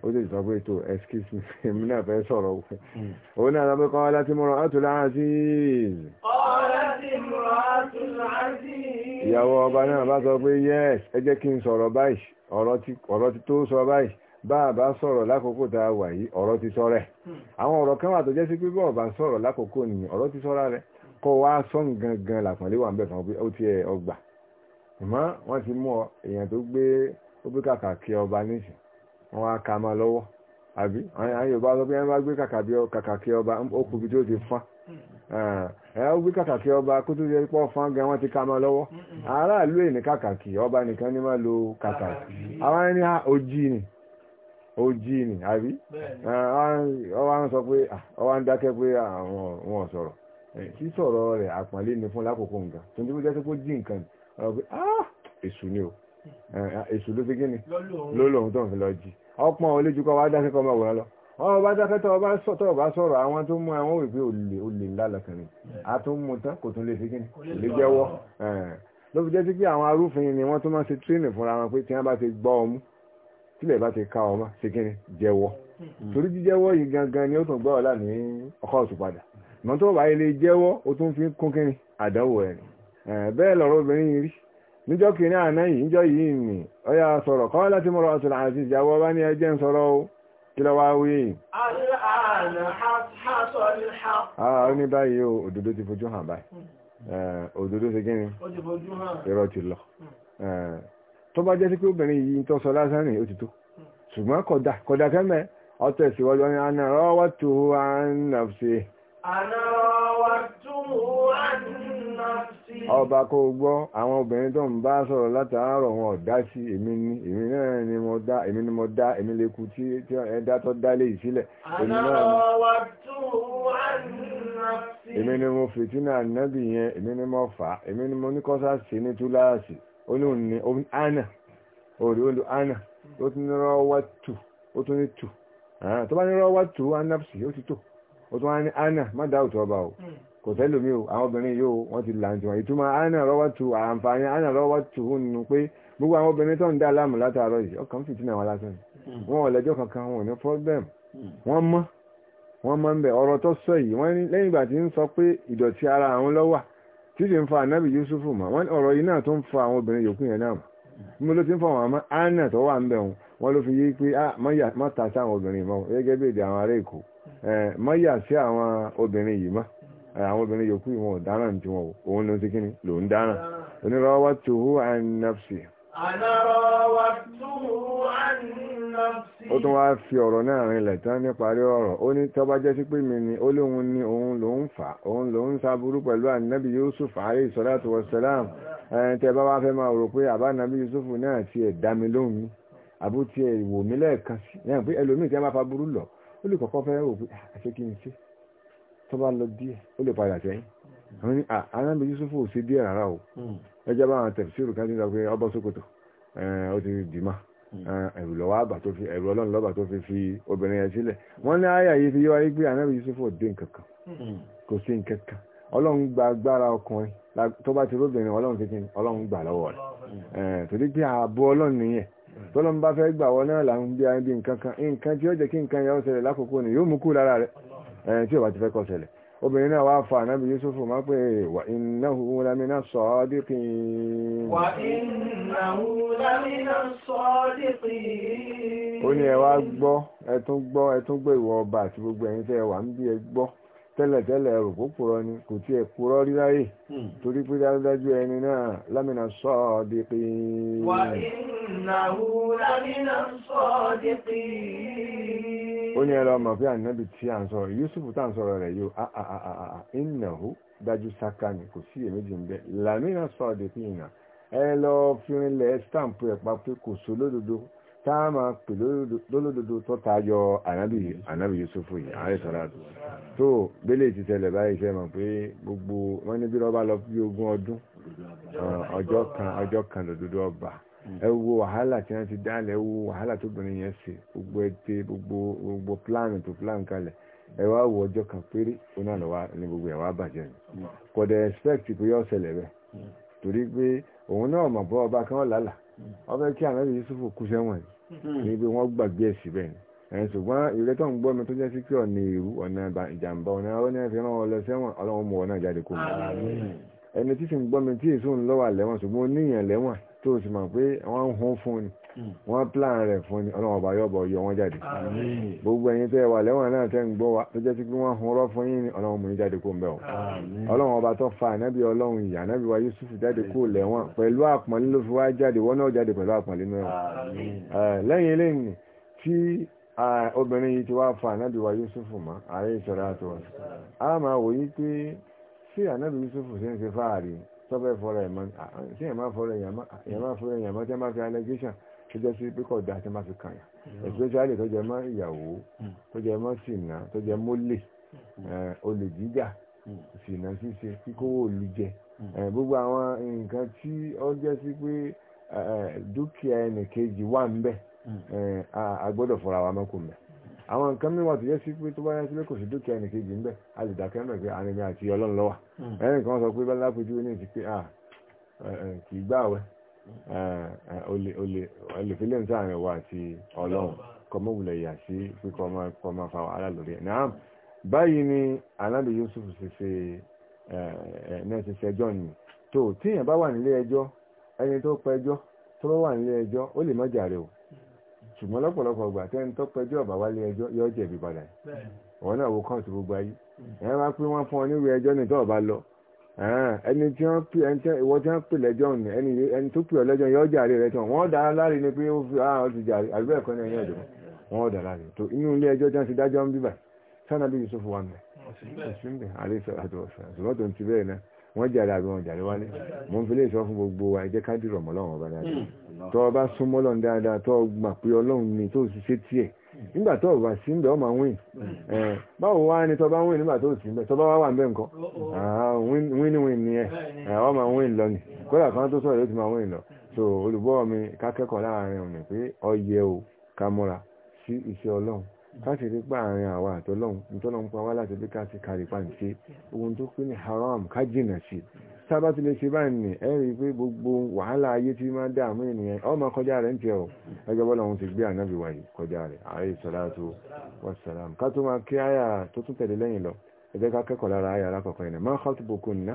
ó sì pé tó excuse me èmi náà fẹ́ sọ̀rọ̀ wẹ̀ hmm. òun náà sọ pé kọ́ láti mú aziz. kọ́ láti mú aziz. ìyàwó ọba náà bá sọ pé yes ẹ jẹ́ kí n sọ̀rọ̀ báyìí ọ̀rọ̀ ti tó sọ báyìí bá a bá sọ̀rọ̀ lákòókò tá a wà yìí ọ̀rọ̀ ti sọ rẹ̀ hmm. àwọn ọ̀rọ̀ kan wà tó jẹ́ sí pé bọ́ọ̀ bá sọ̀rọ̀ lákòókò nìyí ọ̀rọ̀ ti sọ́ra rẹ̀ kọ́ wá sọ́n gangan làpọ̀nlé wà ń bẹ̀ fún ọ ti ẹ̀ ọgbà ìmọ̀ wọ́n ti mú ọ èèyàn tó gbé ó gbé kàkà kí ọba níṣìí wọ́n á kà máa lọ́wọ́ àbí àwọn yorùbá sọ pé ẹ bá gbé kàkàkí ọba ó kù bí tí ó ti fán ẹ ó gbé kàkàkí ọba kó tó yẹ pọ́ fán gan wọ́n ti kà máa lọ́wọ́ aráàlú èní kàkàkí ọba nìkan ní máa lo kàkàkí àwọn ẹni ojí ni ojí ni àbí ọwọ́ ń sọ pé ọwọ́ ń dákẹ́ pé àwọn sọ̀rọ̀ kí sọ̀rọ̀ rẹ̀ àpọ̀nlé ni fún lákòókò nǹkan tó ń tó jẹ́ pé jí nǹkan ọ̀rọ̀ pé èṣù ni o èṣù ló fi gíní lọ́lọ́ ohun tó ń fi lọ jí ọpọn ò lè ju kọ wá dákẹ́ kọ máa wòrán lọ ọmọ bá dákẹ́ tọ́ ọba sọ̀rọ̀ àwọn tó mú àwọn òwìpé olè olè ńlá lọ́kàn a tó mú tán kò tún lè fi kíni lè jẹ́wọ́ ló fi jẹ́ sí pé àwọn arúfin ni wọ́n tún máa ṣe tírénì fúnra wọn pé tí wọ́n bá ti gbọ́ ọmú tílẹ̀ bá ti ká ọmọ ṣe kíni jẹ́wọ́ hmm. torí jíjẹ́wọ́ yìí gangan ni ó tún gbọ́ ọ̀la ní ọkọ̀ ọ̀tún padà mọ́ tó ilé jẹ́wọ́ ó tún fi kún kíni àdánwò ẹ̀ bẹ́ẹ̀ lọ́rọ̀ obìnrin yìí rí níjọ́ kìíní àná yìí níjọ́ yìí nì ọya sọ̀rọ̀ kọ́ láti mọ́rọ̀ ọ̀sọ̀rọ̀ àti ìyàwó bá ní ẹjẹ́ ń sọ̀rọ̀ ó kí lọ wá wí ààrùn ní báyìí o òdodo ti fojú hàn báyìí hmm. eh, òdodo ti gíní irọ́ ti lọ hmm. eh, tó bá jẹ́ sí pé obìnrin yìí tó ọba kó gbọ́ àwọn obìnrin tó ń bá sọ̀rọ̀ látàárọ̀ wọn ọ̀dá sí èmi ni èmi náà ni mo dá èmi ni mo dá èmi lè kú tí ẹ̀dá tó dá lè sílẹ̀ èmi náà ni èmi ni mo fìtínà nábì yẹn èmi ni mo fà á èmi ni mo ní kọ́sá sí ní túláàsì olóhùn ni ana òrì olù ana ó tún ní rọ́wọ́ tù ó tún ní tù tó bá ní rọ́wọ́ tù anapsi ó ti tò ó tún wá ní ana má dá òtún ọba o. Hmm. kò sẹ́lòmí o àwọn obìnrin yóò wọ́n ti làǹtì wọ̀nyí túmọ̀ àánà rọ́wọ́ tu àǹfààní àánà rọ́wọ́ tu hùn pé gbogbo àwọn obìnrin tó ń dá láàmú látàárọ̀ yìí ọkàn wọn lásán hmm. wọn ò kankan wọn ò ní hmm. wọ́n wọ́n tó sọ yìí wọ́n lẹ́yìn ìgbà tí ń sọ pé ìdọ̀tí ara àwọn lọ́wà wà ń wọn wọ́n ló fi yí ah, àwọn obìnrin yòókù ìwọ̀n ọ̀daràn tí wọn òun ló ń ti kí ni ló ń dáràn onírọ́wọ́ tó hú an nafsi ó tún wá fi ọ̀rọ̀ náà rinlẹ̀ tán níparí ọ̀rọ̀ ó ní tọ́bá jẹ́ sí pé mi ni ó lóun ni òun ló ń fà òun ló ń sáburú pẹ̀lú ànábì Yusuf alayhi salatu wassalam ẹni tẹ́ bá wá fẹ́ máa rò pé àbá ànábì Yusuf náà ti ẹ̀ dá mi lóhùn mi àbó ẹ̀ wò mí lẹ́ẹ̀kan sí ẹ̀yàn pé ẹlòmíì tí wọ́n bá fa burú lọ ó lè kọ́kọ́ fẹ́ rò pé àṣekí ni ṣe tó bá lọ díẹ̀ ó lè padà sẹ́yìn àwọn ní anábì Yusuf ò sí díẹ̀ rárá o hmm. ẹjẹ́ bá àwọn tẹ̀síìrù kan ti sọ pé ọbọ̀ Sókótó ó ti dìímà hmm. ẹ̀rù lọ́wọ́ àgbà tó fi ẹ̀rù ọlọ́run lọ́gbà tó fi fi obìnrin yẹn sílẹ̀ wọ́n ní àyà yìí fi yọ wáyé pé anábì Yusuf ò dé nkankan hmm. kò sí nkankan ọlọ́run gba agbára ọkùnrin tó bá ti róbìnrin ọlọ́run fi kíni ọlọ́run gbà lọ́wọ́ rẹ̀ torí pé ààbò ọlọ́run nìyẹn tọ́lọ́run fẹ́ gbà wọ tí ó bá ti fẹ́ kọ́ ṣẹlẹ̀ obìnrin náà wá fa ànábì yusufu máa pé wà innahu lamina sadiqin wà innahu lamina sadiqin ó ní ẹ wá gbọ́ ẹ tún gbọ́ ẹ tún gbọ́ ìwọ ọba àti gbogbo ẹ̀yin tẹ́ wà ń bí ẹ gbọ́ tẹ́lẹ̀tẹ́lẹ̀ rò kó kúrọ ni kò tí ẹ̀ kúrọ rí láyè hmm. torí pé dájúdájú ẹni náà lámìnà sọ́ọ̀dìpín. wà ìnáwó lámìnà sọ́ọ̀dìpín. ó ní ẹ̀rọ ọmọ pé ànábì tí à ń sọ̀rọ̀ Yusuf tá à ń sọ̀rọ̀ rẹ̀ yóò ìnáwó dájú sáká ni kò sí èméjì ń bẹ lámìnà sọ́ọ̀dìpín náà ẹ lọ fi rinlẹ̀ stamp ẹ̀ pa pé kò sólódodo t'ama a máa pè lólódodo tó tayọ ànábì yusufu yìí ààrẹ sọ́ra tó bẹ́lẹ̀ ti tẹ̀lẹ̀ báyìí fẹ́ mọ̀ pé gbogbo wọn ní bí lọ bí ogún ọdún ọjọ́ kan ọjọ́ kan lòdodo ọba ẹ wo wàhálà tí wọ́n ti dálẹ̀ ẹ wo wàhálà tó yẹn gbogbo ẹtẹ gbogbo gbogbo plan tó plan kalẹ̀ ẹ wá wo kan péré ó náà lọ́wọ́ ní gbogbo ẹ̀ wá bàjẹ́ ni kò expect pé yọ wọ́n fẹ́ kí ànábì Yusufu kú sẹ́wọ̀n hmm. ní ibi wọ́n gbàgbé ẹ̀ síbẹ̀ ẹ̀ ṣùgbọ́n ìrẹ́ tó ń gbọ́ mi tó jẹ́ sí pé ọ̀nà èrú ọ̀nà ìjàmbá ọ̀nà ọ̀nà ẹ̀fẹ́ rán ọ lọ sẹ́wọ̀n ọlọ́run mú ọ náà jáde kó mi ẹni tí sì ń gbọ́ mi tí èso ń lọ́wọ́ àlẹ́wọ̀n ṣùgbọ́n oníyàn lẹ́wọ̀n tó sì mọ̀ pé wọ́n ń hún fún ni hmm. wọ́n plan rẹ̀ fún ni ọlọ́run ọba yọ̀bọ̀ yọ wọ́n jáde gbogbo ẹ̀yin tẹ́ wà lẹ́wọ̀n náà tẹ́ ń gbọ́ wa tó jẹ́ sí pé wọ́n hun rọ́ fún yín ni ọlọ́run mú yín jáde kó ń bẹ̀ wọ́n ọlọ́run ọba tó fa ànábì ọlọ́run ìyá ànábì wa Yusuf jáde kó lẹ́wọ̀n pẹ̀lú àpọ̀nlé ló fi wá jáde wọ́n náà jáde pẹ̀lú àpọ̀nlé náà lẹ́yìn eléyìí tí obìnrin yìí ti wá fa ànábì wa Yusuf mọ́ ààrẹ ìṣọ̀rọ̀ àtọ̀wọ̀ a máa wòye pé tọ́bẹ̀ fọ́rọ̀ ẹ̀mọ́ tí ẹ̀má fọ́rọ̀ ẹ̀yàmá fọ́rọ̀ ẹ̀yàmá tí ẹ̀má fi allegation sí pé fi kàn yà especially tó jẹ mọ́ ìyàwó mm. tó jẹ mọ́ sìnà tó jẹ́ mólè mm. olè jíjà mm. sìnà ṣíṣe kíkówó olú gbogbo àwọn nǹkan tí ó jẹ sí pé dúkìá wà ń a àwọn nǹkan mímọ̀ tó yẹ sí pé tó bá yẹ sí pé kò sí dúkìá ẹnìkejì ń bẹ a lè dákẹ́ mẹ́ pé àrẹ̀mí àti ọlọ́run lọ́wà hmm. ẹnì kan sọ pé bá lápẹjú ní ìsí pé kì í gbààwẹ̀ hmm. olèfílẹ̀ ń sáàrin wa àti ọlọ́run kọmọ́wulẹ̀ yà sí pé kọ́ máa fa wàhálà lórí ẹ̀ náà báyìí ni alábi Yusuf ṣe ṣe náà ṣe ṣẹjọ́ ni tó tíyàn bá wà nílé ẹjọ́ ẹni tó pẹjọ́ tó bá wà nílé ẹjọ́ ó lè má jàre o ṣùgbọ́n lọ́pọ̀lọpọ̀ ọgbà tẹ́ ń tọ́pẹ́jọ́ ọ̀bà wálé ẹjọ́ yọ jẹ̀bi padà ọ̀wọ́n náà wo kọ́ọ̀tù gbogbo ayé mm. ẹ̀ máa pín wọ́n fún ọ níwèé ẹjọ́ nìtọ́ ọ̀bá lọ ẹni tí wọ́n pè ẹni tí wọ́n ti ń pè lẹ́jọ́ ni ẹni tó pè ọ lẹ́jọ́ yọ jàre rẹ tán wọ́n dára láre ni pé ó fi àwọn ah, ti jàre àbúrò ẹ̀kọ́ ní ẹ̀yìn ọ̀dọ́ wọ́n dára láre tó inú ilé ẹjọ́ tí wọ́n ti dájọ́ ń bíbà sanabi Yusuf wa mẹ́ àlẹ́ sọ̀rọ̀ àti ọ̀sán ṣùgbọ́n tó ń ti bẹ́ẹ̀ náà wọ́n jàre àbí wọn jàre wálé mo ń filé ìsọ fún gbogbo wa ẹjẹ́ ká dìrọ̀ mọ́ lọ́wọ́ ọba dáadáa hmm. tọ́ ọba súnmọ́ Ọlọ́run dáadáa tọ́ gbà pé Ọlọ́run ni tó ṣiṣẹ́ tiẹ̀ nígbà tó ọba sí ń ọmọ win hmm. báwo wá ní tọba win nígbà tó sì ń bẹ tọba wá wà ń bẹ nǹkan win win ni ẹ ọmọ win lọ ni kódà kan tó sọ̀rọ̀ yóò ti máa win lọ so olùbọ́ mi ká kẹ́kọ̀ọ́ láàrin òní pé ọyẹ o ká múra sí iṣẹ́ Ọlọ́run láti rí pa àárín àwa àtọ́lọ́hun nítọ́lọ́hun pa wá láti rí ká sí kàrípa ń ṣe ohun tó pín ní haram ká jìnà sí sábà ti lè ṣe báyìí ni ẹ rí i pé gbogbo wàhálà ayé tí máa dààmú ènìyàn ọmọ kọjá rẹ̀ ń tiẹ̀ ọ̀ ẹgbẹ́ bọ́lá ti gbé ànábì wáyé kọjá rẹ̀ alayhi salatu wassalam ká tó máa kí àyà tó tún tẹ̀lé lẹ́yìn lọ ẹgbẹ́ ká kẹ́kọ̀ọ́ lára ayà alákọ̀ọ́kọ́ yìí ma khatubukunna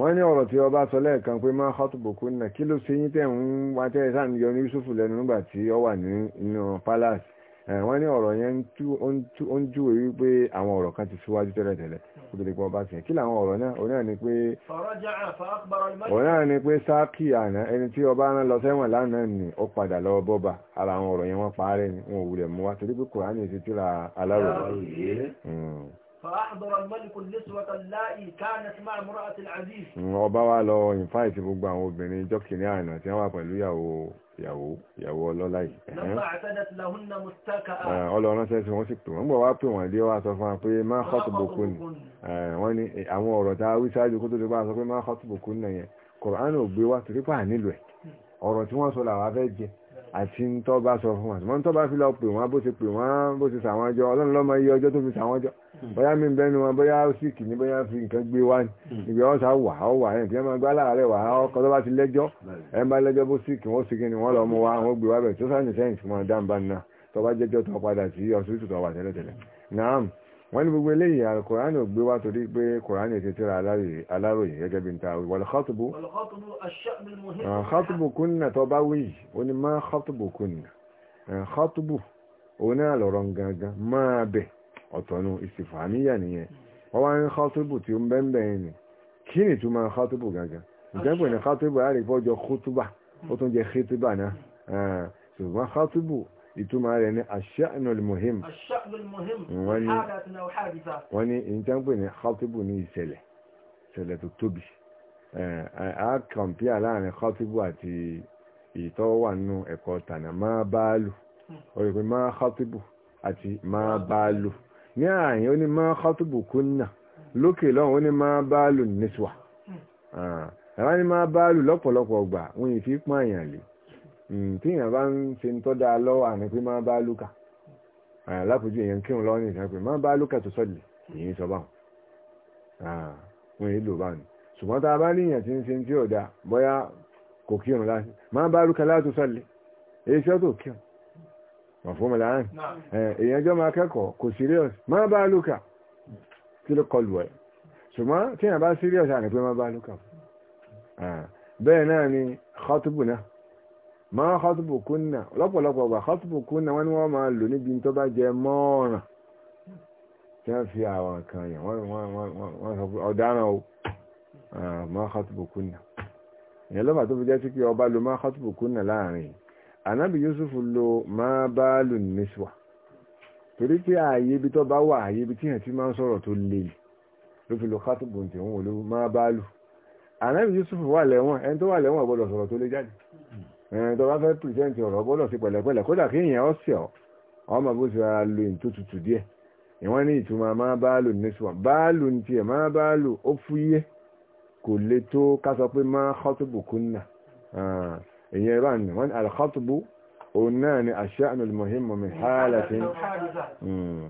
wọ́n ní ọ̀rọ̀ tí ọba sọ lẹ́ẹ̀kan pé ma khatubukunna kí ló ṣe yín tẹ̀ ń wá tẹ́ sáà ń yọ ní Yúsúfù lẹ́nu nígbà tí ó wà nínú palace wọ́n ní ọ̀rọ̀ yẹn ń júwe wípé àwọn ọ̀rọ̀ kan ti síwájú tẹ́lẹ̀ tẹ́lẹ̀ obìnrin kan bá tiẹ̀ kí làwọn ọ̀rọ̀ náà òun náà ni pé ọ̀rọ̀ náà ni pé sáàkì àná ẹni tí ọba rán lọ sẹ́wọ̀n lánàá ni ó padà lọ bọ́ba ara àwọn ọ̀rọ̀ فأحضر الملك النسوة اللائي كانت مع امرأة العزيز ọba wa lọ ìfáìtì gbogbo àwọn obìnrin ìjọ kìíní àná tí wọ́n wà pẹ̀lú ìyàwó ìyàwó ìyàwó ọlọ́lá yìí. lọ́pàá àtàdàtì làhúnnà mustaka. ọlọ́run ṣe tí wọ́n sì pè wọ́n gbọ́ wá pè wọ́n dé wá sọ fún wa pé máa kọ́tù bòkú ni wọ́n ní àwọn ọ̀rọ̀ tá a wí ṣáájú kó tó ti bá a sọ pé máa kọ́tù bòkú nà yẹn kọ̀rọ̀ánù ò gbé wá torípà nílò ẹ̀ ọ̀rọ̀ tí wọ́n sọ làwọn afẹ́ jẹ àti ń tọ́ bá sọ fún wa ṣùgbọ́n ń tọ́ bá fi lọ pè wọ́n bó ti pè wọ́n bó ti sàwọn ọjọ́ ọlọ́run lọ́mọ iye ọjọ́ tó fi sàwọn ọjọ́ Hmm. bóyá mi bẹ́nu wọn bóyá síkì ní bóyá fi nǹkan gbé wá ní ìgbé ọ̀sà wà ó wà ẹ̀ tí wọ́n máa gbá láàárẹ̀ wà á ọkọ̀ tó bá ti lẹ́jọ́ ẹ̀ ń bá lẹ́jọ́ bó síkì wọ́n síkì ni wọ́n lọ mú wa wọ́n gbé wá bẹ̀ tó sáyẹn sẹ́yìn tí wọ́n dáńbà náà tó bá jẹ́jọ́ tó padà sí ọ̀sùn tó wà tẹ́lẹ̀tẹ́lẹ̀ náà wọ́n ní gbogbo eléyìí alkùránì ò gbé wá torí pé kùránì ti tíra aláròyìn gẹ́gẹ́ bí n ta wọ́n kọ́tùbù kọ́tùbù kúnnà ọ̀tọ̀nù ìsìfàmíyà nìyẹn wọ́n wá ń khatibu tí ó ń bẹ́ẹ̀ ni kí ni túmọ̀ khatibu gangan ìjẹ́pẹ̀ ní khatibu àríkọ́jọ khutuba ó tún jẹ́ khitiba náà hmm. ṣùgbọ́n khatibu ìtumọ̀ rẹ̀ ní aṣáànul muhim hmm, wọ́n ní ìjẹ́pẹ̀ ní khatibu ní ìṣẹ̀lẹ̀ ìṣẹ̀lẹ̀ tó tóbi a kàmpíà láàrin khatibu àti ìtọ́wà nínú ẹ̀kọ́ tànà máa báálù ọ̀rẹ́pẹ̀ hmm. máa khatibu àti máa báálù ní ààyè ó ní máa kọ́tùbù kúnnà lókè lọ́hùn ó ní máa báàlù nísùwà hmm. ah, ẹ̀rọ ní máa báàlù lọ́pọ̀lọpọ̀ ọgbà wọn yìí fi pọ́n àyàn lè hmm, tíyàn bá ń ṣe ń tọ́ da lọ́wọ́ àmì pé máa báàlù kà ah, lápòjú èèyàn kírun lọ́wọ́ ní ìsàn pé máa báàlù kà tó sọ́ọ̀lì èyí sọ báwọn ah, wọn yìí lò báwọn ṣùgbọ́n tá a bá níyàn tí ń ṣe tí ò da bóyá kò kírun láti máa báàlù kà láti sọ́ọ̀lì èyí sọ́tò kírun mọ̀fún mọ̀láàrín èèyàn jọ máa kẹ́kọ̀ọ́ kò serious máa bá lùkà tí ló kọlù ẹ̀ ṣùgbọ́n tí èèyàn bá serious àní pé máa bá lùkà bẹ́ẹ̀ náà ni khatubu náà máa khatubu kunna lọ́pọ̀lọpọ̀ ọgbà khatubu kunna wọ́n ni wọ́n máa lò níbi tó bá jẹ mọ́ọ̀ràn tí wọ́n fi àwọn kan yẹn wọ́n sọ pé ọ̀daràn o máa khatubu kunna ìyẹn lọ́pàá tó fi jẹ́ sí pé ọba lo máa khatubu kunna láàrin yìí ànábì Yusuf lo máa bá lù nísìwà torí pé ààyè ibi tó bá wà ààyè ibi tí yẹn ti máa ń sọ̀rọ̀ tó le ló fi lo kátùbùn tí òun olówó máa bá lù ànábì Yusuf wà lẹ́wọ̀n ẹni tó wà lẹ́wọ̀n gbọ́dọ̀ sọ̀rọ̀ tó le jáde ẹni tó bá fẹ́ pìrìsẹ́ǹtì ọ̀rọ̀ gbọ́dọ̀ sí pẹ̀lẹ́pẹ̀lẹ́ kódà kí èèyàn ọ̀sẹ̀ ọ́ ọmọ bó ti rárá lo ìyìn tó tutù díẹ̀ ìwọ́n ní ìtumọ̀ máa báàlù nísùwọ̀n báàlù ní tiẹ̀ máa báàlù ó fúyẹ́ kò le tó ká sọ pé máa kọ́tùbù kúnnà ah ìyẹn bá ní wọ́n alkhatubu òun náà ni aṣáàmì muhimmu min halatin àwọn hmm.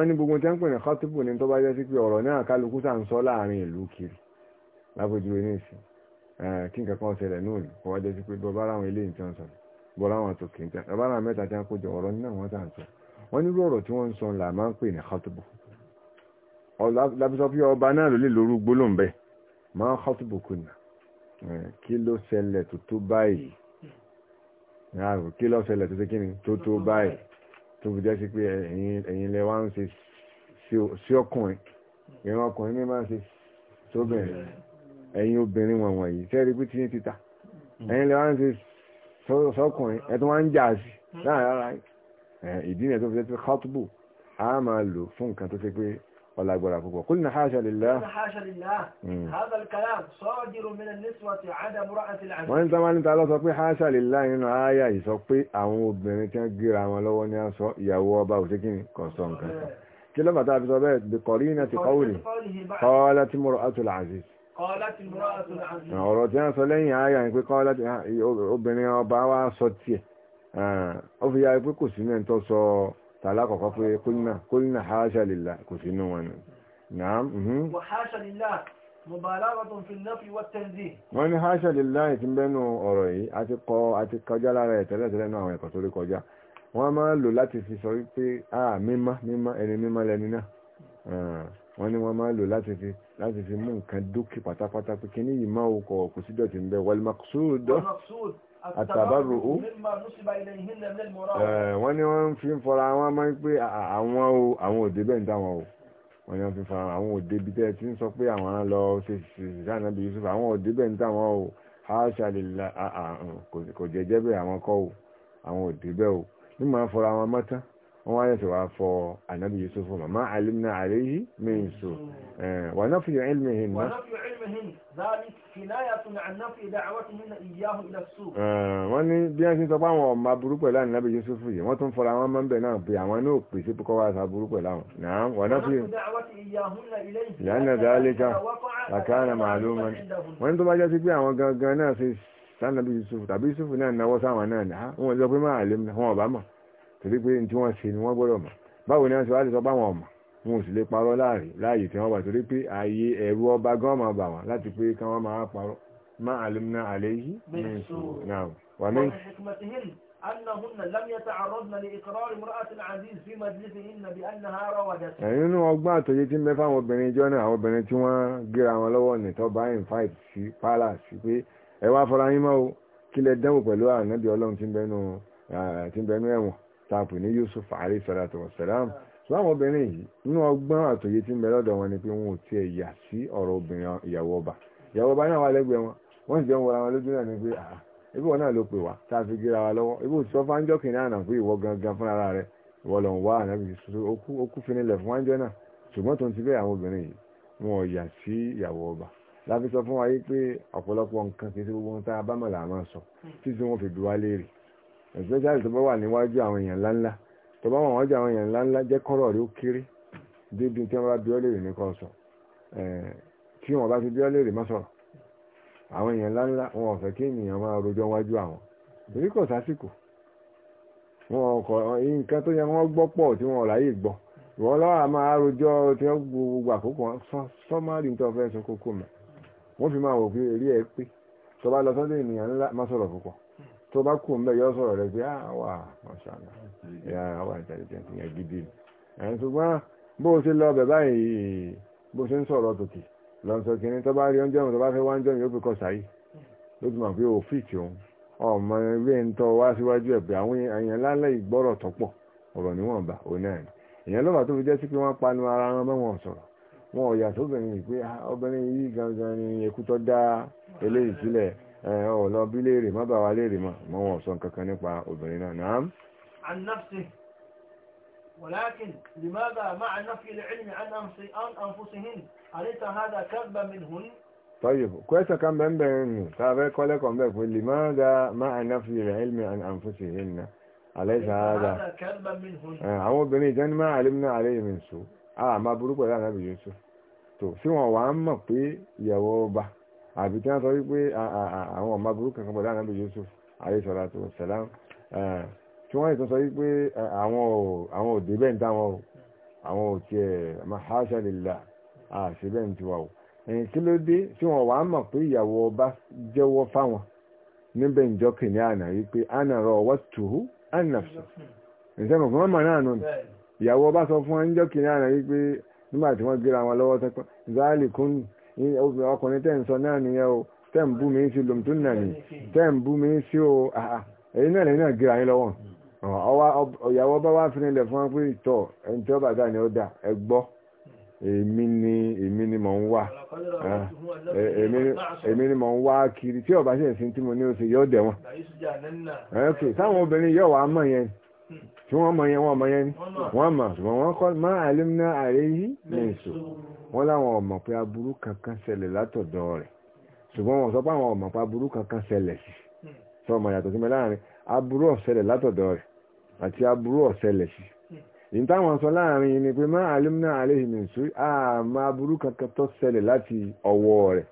ah, ní gbogbo tí a ń pè ní khatubu ní tó bá jẹ́ sí pé ọ̀rọ̀ náà kálukú sà ń sọ láàrin ìlú kiri lápòjúwe ní ìsìn eh, kí nǹkan kan ṣẹlẹ̀ náà ni kò wá jẹ́ sí pé bọ́ bára àwọn ilé ìtàn sọ bọ́ láwọn tó kì í tẹ́ bọ́ mẹ́ta tí a kó jọ ọ̀rọ̀ náà wọ́n sà ń sọ wọ́n ní lábísọ́ pé ọba náà ló lè lórú gbólóhùn bẹ́ẹ̀ máa khatibukunna kí ló ṣẹlẹ̀ tó tó báyìí kí ló ṣẹlẹ̀ tó tó kíni tó tó báyìí tó fi jẹ́ sí pé ẹ̀yin lẹ wá ń ṣe sí ọkùnrin ìran ọkùnrin ní máa ń ṣe sóbìnrin ẹ̀yin obìnrin wọ̀n wọ̀nyí sẹ́ẹ̀rí pé tí ní ti ta ẹ̀yin lẹ ń ṣe sọkùnrin ẹ̀ tó wá ń jà sí láàárọ̀ ìdí ni tó fi jẹ́ sí khatibu a máa lò fún nǹkan tó ṣe pé ọlágbára púpọ̀ kúlù ní haṣà lílá wọ́n ní tọ́mọ́ níta lọ́sọ pé haṣà lílá nínú ayà ìsọ pé àwọn obìnrin tí wọ́n gíra wọn lọ́wọ́ ní aṣọ ìyàwó ọba òsíkìní kọ̀ọ̀sọ̀ nǹkan kí lọ́bàá tàbí sọ bẹ́ẹ̀ bí kọ̀rí náà ti kọ́wùlì kọ́ọ́lá tí mọ́rọ̀ àtúlà aziz ọ̀rọ̀ tí wọ́n sọ lẹ́yìn ayà ń pé kọ́ọ́lá tí obìnrin ọba wa sọ tiẹ̀ ó fi ya pé kò sí mẹ́ntọ́ sọ tààlà kọ̀kọ́ pé kúlnà kúlnà haṣà lìlá kò sínú wọn náà wọ́n ní haṣà lìlá ìtí bẹ́nu ọ̀rọ̀ yìí àti kọ àti kọjá lára ẹ̀tẹ́lẹ̀tẹ́lẹ̀ náà àwọn ẹ̀kọ́ tó rí kọjá wọ́n máa lò láti fi sọ wípé àà mímọ́ mímọ́ ẹni mímọ́ lẹni náà wọ́n ní wọ́n máa lò láti fi láti fi mú nǹkan dókè pátápátá pé kí ní ìmọ̀ òkò kò sídọ̀tí ń bẹ wal maqsud àtàbárò ó eh, wọ́n ní wọ́n fi ń fọ́ra wọn máa ń pé àwọn o àwọn òde bẹ́ẹ̀ ń dáwọn o wọ́n ní wọ́n fi ń fọ́ra àwọn òde bí tẹ́ ti ń sọ pé àwọn á lọ ṣe ṣìṣànà bí Yusuf àwọn òde bẹ́ẹ̀ ń dáwọn o aṣàlè kò jẹ́jẹ́ bẹ́ẹ̀ àwọn kọ́ o àwọn òde bẹ́ẹ̀ o ní máa fọ́ra wọn mọ́tán wọ́n wáyé sí wá fọ ànábì Yusuf mama alimna alayhi min su wa nafi ilmihim wa nafi ilmihim zalik kinayatun an nafi da'watihim iyyahu ila su wọ́n ní bí an sin sọ pa wọn ma burú pẹ̀lú ànábì Yusuf yìí wọ́n tún fọra wọn ma nbe náà pé àwọn náà pè sí ko wa sa burú pẹ̀lú àwọn na wa nafi lana zalika akana ma'luman wọ́n tó bá jẹ́ sí pé àwọn gangan náà ṣe sanabi Yusuf tàbí Yusuf náà náwó sáwọn náà ni wọ́n sọ pé máa torí pé tí wọ́n ṣe ni wọ́n gbọ́dọ̀ mọ̀ báwo ni wọ́n ṣe wá lè sọ báwọn ọmọ wọn ò sì lè parọ́ láàrin láàyè tí wọ́n wà torí pé ààyè ẹ̀rù ọba gan máa bà wọ́n láti pé ká wọ́n máa parọ́ má àlùmínà àlẹ́ yìí wà ní. ẹ̀yìn nínú ọgbọ́n àtòyé tí ń bẹ fáwọn obìnrin ìjọ náà àwọn obìnrin tí wọ́n gbéra wọn lọ́wọ́ nìtọ́ bá ń sí pálá sí pé ẹ wá fọra yín mọ́ o kí lẹ dẹ́wò pẹ̀lú ànábì tààpù ní Yusuf alayhi salatu wassalam láwọn obìnrin yìí nínú ọgbọ́n àtòyé tí ń bẹ lọ́dọ̀ wọn ni pé wọn ò tiẹ̀ yà sí ọ̀rọ̀ obìnrin ìyàwó ọba ìyàwó ọba náà wà lẹ́gbẹ̀ẹ́ wọn wọ́n sì jẹ́ wọn lójú náà ni pé ibi ah, wọn náà ló pè wá tá a fi gíra wa lọ́wọ́ ibi òtítọ́ fáńjọ́ kìnìún àná pé ìwọ gangan fúnra rẹ ìwọ lọ́n wá ànábì okú finilẹ̀ fún wáńjọ́ náà ṣùgbọ́n tó ń ti bẹ́ẹ̀ àwọn obìnrin yìí especially tó bá wà níwájú àwọn èèyàn ńláńlá tó bá wà níwájú àwọn èèyàn ńláńlá jẹ́ kọ́rọ̀ rí ó kéré débi tí wọ́n bá bí ọ́ léèrè ní kọ́ sọ tí wọ́n bá ti bí ọ́ léèrè má sọ̀rọ̀ àwọn èèyàn ńláńlá wọn ò fẹ́ kí ènìyàn máa rojọ́ wájú àwọn torí kò sásìkò wọn kọ nǹkan tó yẹ wọ́n gbọ́ pọ̀ tí wọ́n ráyè gbọ́ ìwọ́n lọ́wọ́ àmọ́ àròjọ tí wọ́n gbogbo àkókò sọ́mọ́rì tó fẹ́ sọ kókó mọ́ wọ́n fi máa wò pé eré ẹ pé tó lọ sọ́dọ̀ ènìyàn ńlá má sọ̀rọ̀ púpọ̀ tó bá kù mbẹ yọ sọ̀rọ̀ rẹ pé àwa mọṣálà ìyá àwa ìtẹlifẹǹtì yẹn gidi ẹ ṣùgbọ́n bó o ṣe lọ ọbẹ báyìí bó o ṣe ń sọ̀rọ̀ tòkì lọ́nṣọ́kì ni tó bá rí oúnjẹ mi tó bá fẹ́ wá oúnjẹ mi yóò fi kọ́ sáyé ló ti mọ̀ pé o fìtì òun ọmọ ilé ń tọ́ wá síwájú ẹ̀ pé àwọn èèyàn lálẹ́ ìgbọ́rọ̀ tọ́pọ̀ ọ̀rọ̀ níwọ̀nba òun náà ni èèyàn lọ́ba tó fi jẹ́ sí pé wọ́n panu ara wọn mẹ́wọ̀n sọ̀rọ̀ wọn ò yà sóbìnrin yìí pé ah, obìnrin yìí gangan ni ekú tó dá ọ̀ lọ bí léèrè má bà wá léèrè mọ́ mọ́ wọn sọ nǹkan kan nípa obìnrin náà náà. عن نفسه ولكن لماذا مع نفي العلم عن أنفسهن أليس هذا كذبا منهن طيب كويس كان بين بين تابع كل كم بين لماذا مع نفي العلم عن أنفسهن أليس هذا كذبا منهن àwọn obìnrin jẹ́ ما علمنا عليه من سوء ah ma burúkú ẹ̀dá nàbì Yusuf tó sí wọn wàá mọ̀ pé ìyàwó ọba àbí tí wọ́n sọ wípé àwọn ọmọ burúkú kankan bọ̀dá ànábì Yusuf àyèsọ̀rọ̀ àti sàlám tí wọ́n ìtàn sọ wípé àwọn òde bẹ́ẹ̀ ń táwọn o àwọn ò tiẹ̀ mahasha lillah àṣẹ bẹ́ẹ̀ ń tiwa o kí ló dé tí wọ́n wàá mọ̀ pé ìyàwó ọba jẹ́wọ́ fáwọn níbẹ̀ ìjọ kìíní àná wípé àná rọ ọwọ́ tùhú ànàfsọ ìṣẹ́mọ̀ fún ọmọ náà nù ìyàwó ọba sọ fún wọn níjọ kìíní àná wípé nígbà tí wọ́n gbéra wọn lọ́wọ́ tẹ́pọ̀ ọkùnrin tẹ́ ń sọ náà nìyẹn o tẹ́ ń bú mi sí lòmùtún náà ni tẹ́ ń bú mi sí o èyí náà lẹ́yìn náà gé àyín lọ́wọ́ ìyàwó bá wá fi nílẹ̀ fún wa pé ìtọ̀ ẹni tí ó bàtà ni ó dà ẹ gbọ́ èmi ni èmi ni mò ń wá èmi ni mò ń wá kiri tí ọba ṣe ìsìn mo ní o ṣe yọ ọdẹ wọn. táwọn obìnrin yóò wá mọ̀ yẹn tí wọ́n mọ̀ yẹn wọ́n mọ̀ yẹn wọ́n mọ̀ ṣùgbọ́n wọ́n kọ́ máa àlẹ́ mi náà àárẹ̀ yìí ní èso wọ́n láwọn ọ̀mọ̀ pé aburú kankan ṣẹlẹ̀ látọ̀dọ̀ rẹ̀ ṣùgbọ́n wọ́n sọ pé àwọn ọ̀mọ̀ pé aburú kankan ṣẹlẹ̀ sí sọ ọmọ yàtọ̀ sí mi láàrin aburú ọ̀ṣẹlẹ̀ látọ̀dọ̀ rẹ̀ àti aburú ọ̀ṣẹlẹ̀ sí ìyìn táwọn sọ láàrin ni pé má alimna alayhi min su àmọ́ aburú kankan tó ṣẹlẹ̀ láti ọwọ́ rẹ̀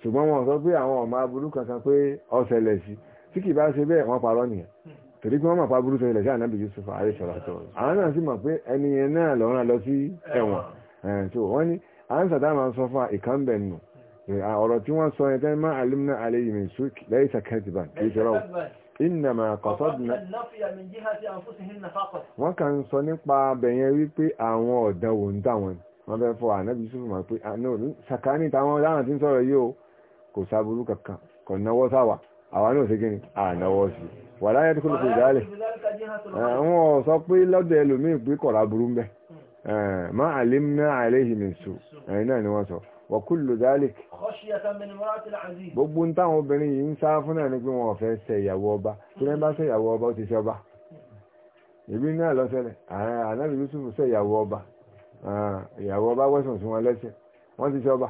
ṣùgbọ́n wọ́n sọ pé àwọn ọ̀mọ̀ aburú kankan pé ọ̀ṣẹlẹ̀ sí tí kì bá ṣe bẹ́ẹ̀ wọ́n pa burú ṣẹlẹ̀ sí ànábì Yusuf àríṣọ́lá tó àwọn náà sì mọ̀ pé ẹni yẹn náà lọ́ràn lọ sí ẹ̀wọ̀n tó wọ́n ní ansa tá a máa sọ fún ìkan bẹ̀ nù ọ̀rọ̀ tí wọ́n sọ yẹn tẹ́ máa alimna alayhi min suk laysa kadiban kì í ṣe rọ́ ìnàmà kọ̀sọ́dùnà wọ́n kàn sọ nípa bẹ̀yẹn wípé àwọn ọ̀dàn wò ń dáwọn wọ́n fẹ́ fọ ànábì sùfù máa pé sàkáání ah, táwọn láwọn tí ń sọ̀rọ̀ yìí o kò sáburú kankan kò náwó sáwà àwa náà ṣe ànáwó sí wàláyé tó kúrò kò dálẹ̀ àwọn ò pé lọ́dọ̀ ẹlòmíì pé kọ̀ọ̀rọ̀ ma alimna alayhi min su ẹ̀yìn náà ni wọ́n sọ wa kullu dhalik gbogbo táwọn obìnrin yìí ń sá fún náà ni pé wọn ò fẹ́ ṣe ìyàwó ọba tí wọ́n bá ṣe ìyàwó ọba ó ti ṣe ọba ìbí náà lọ́sẹ̀lẹ̀ ànábì Yusuf ṣe ìyàwó ọba ìyàwó ọba wẹ́sùn sí wọn lẹ́sẹ̀ wọ́n ti ṣe ọba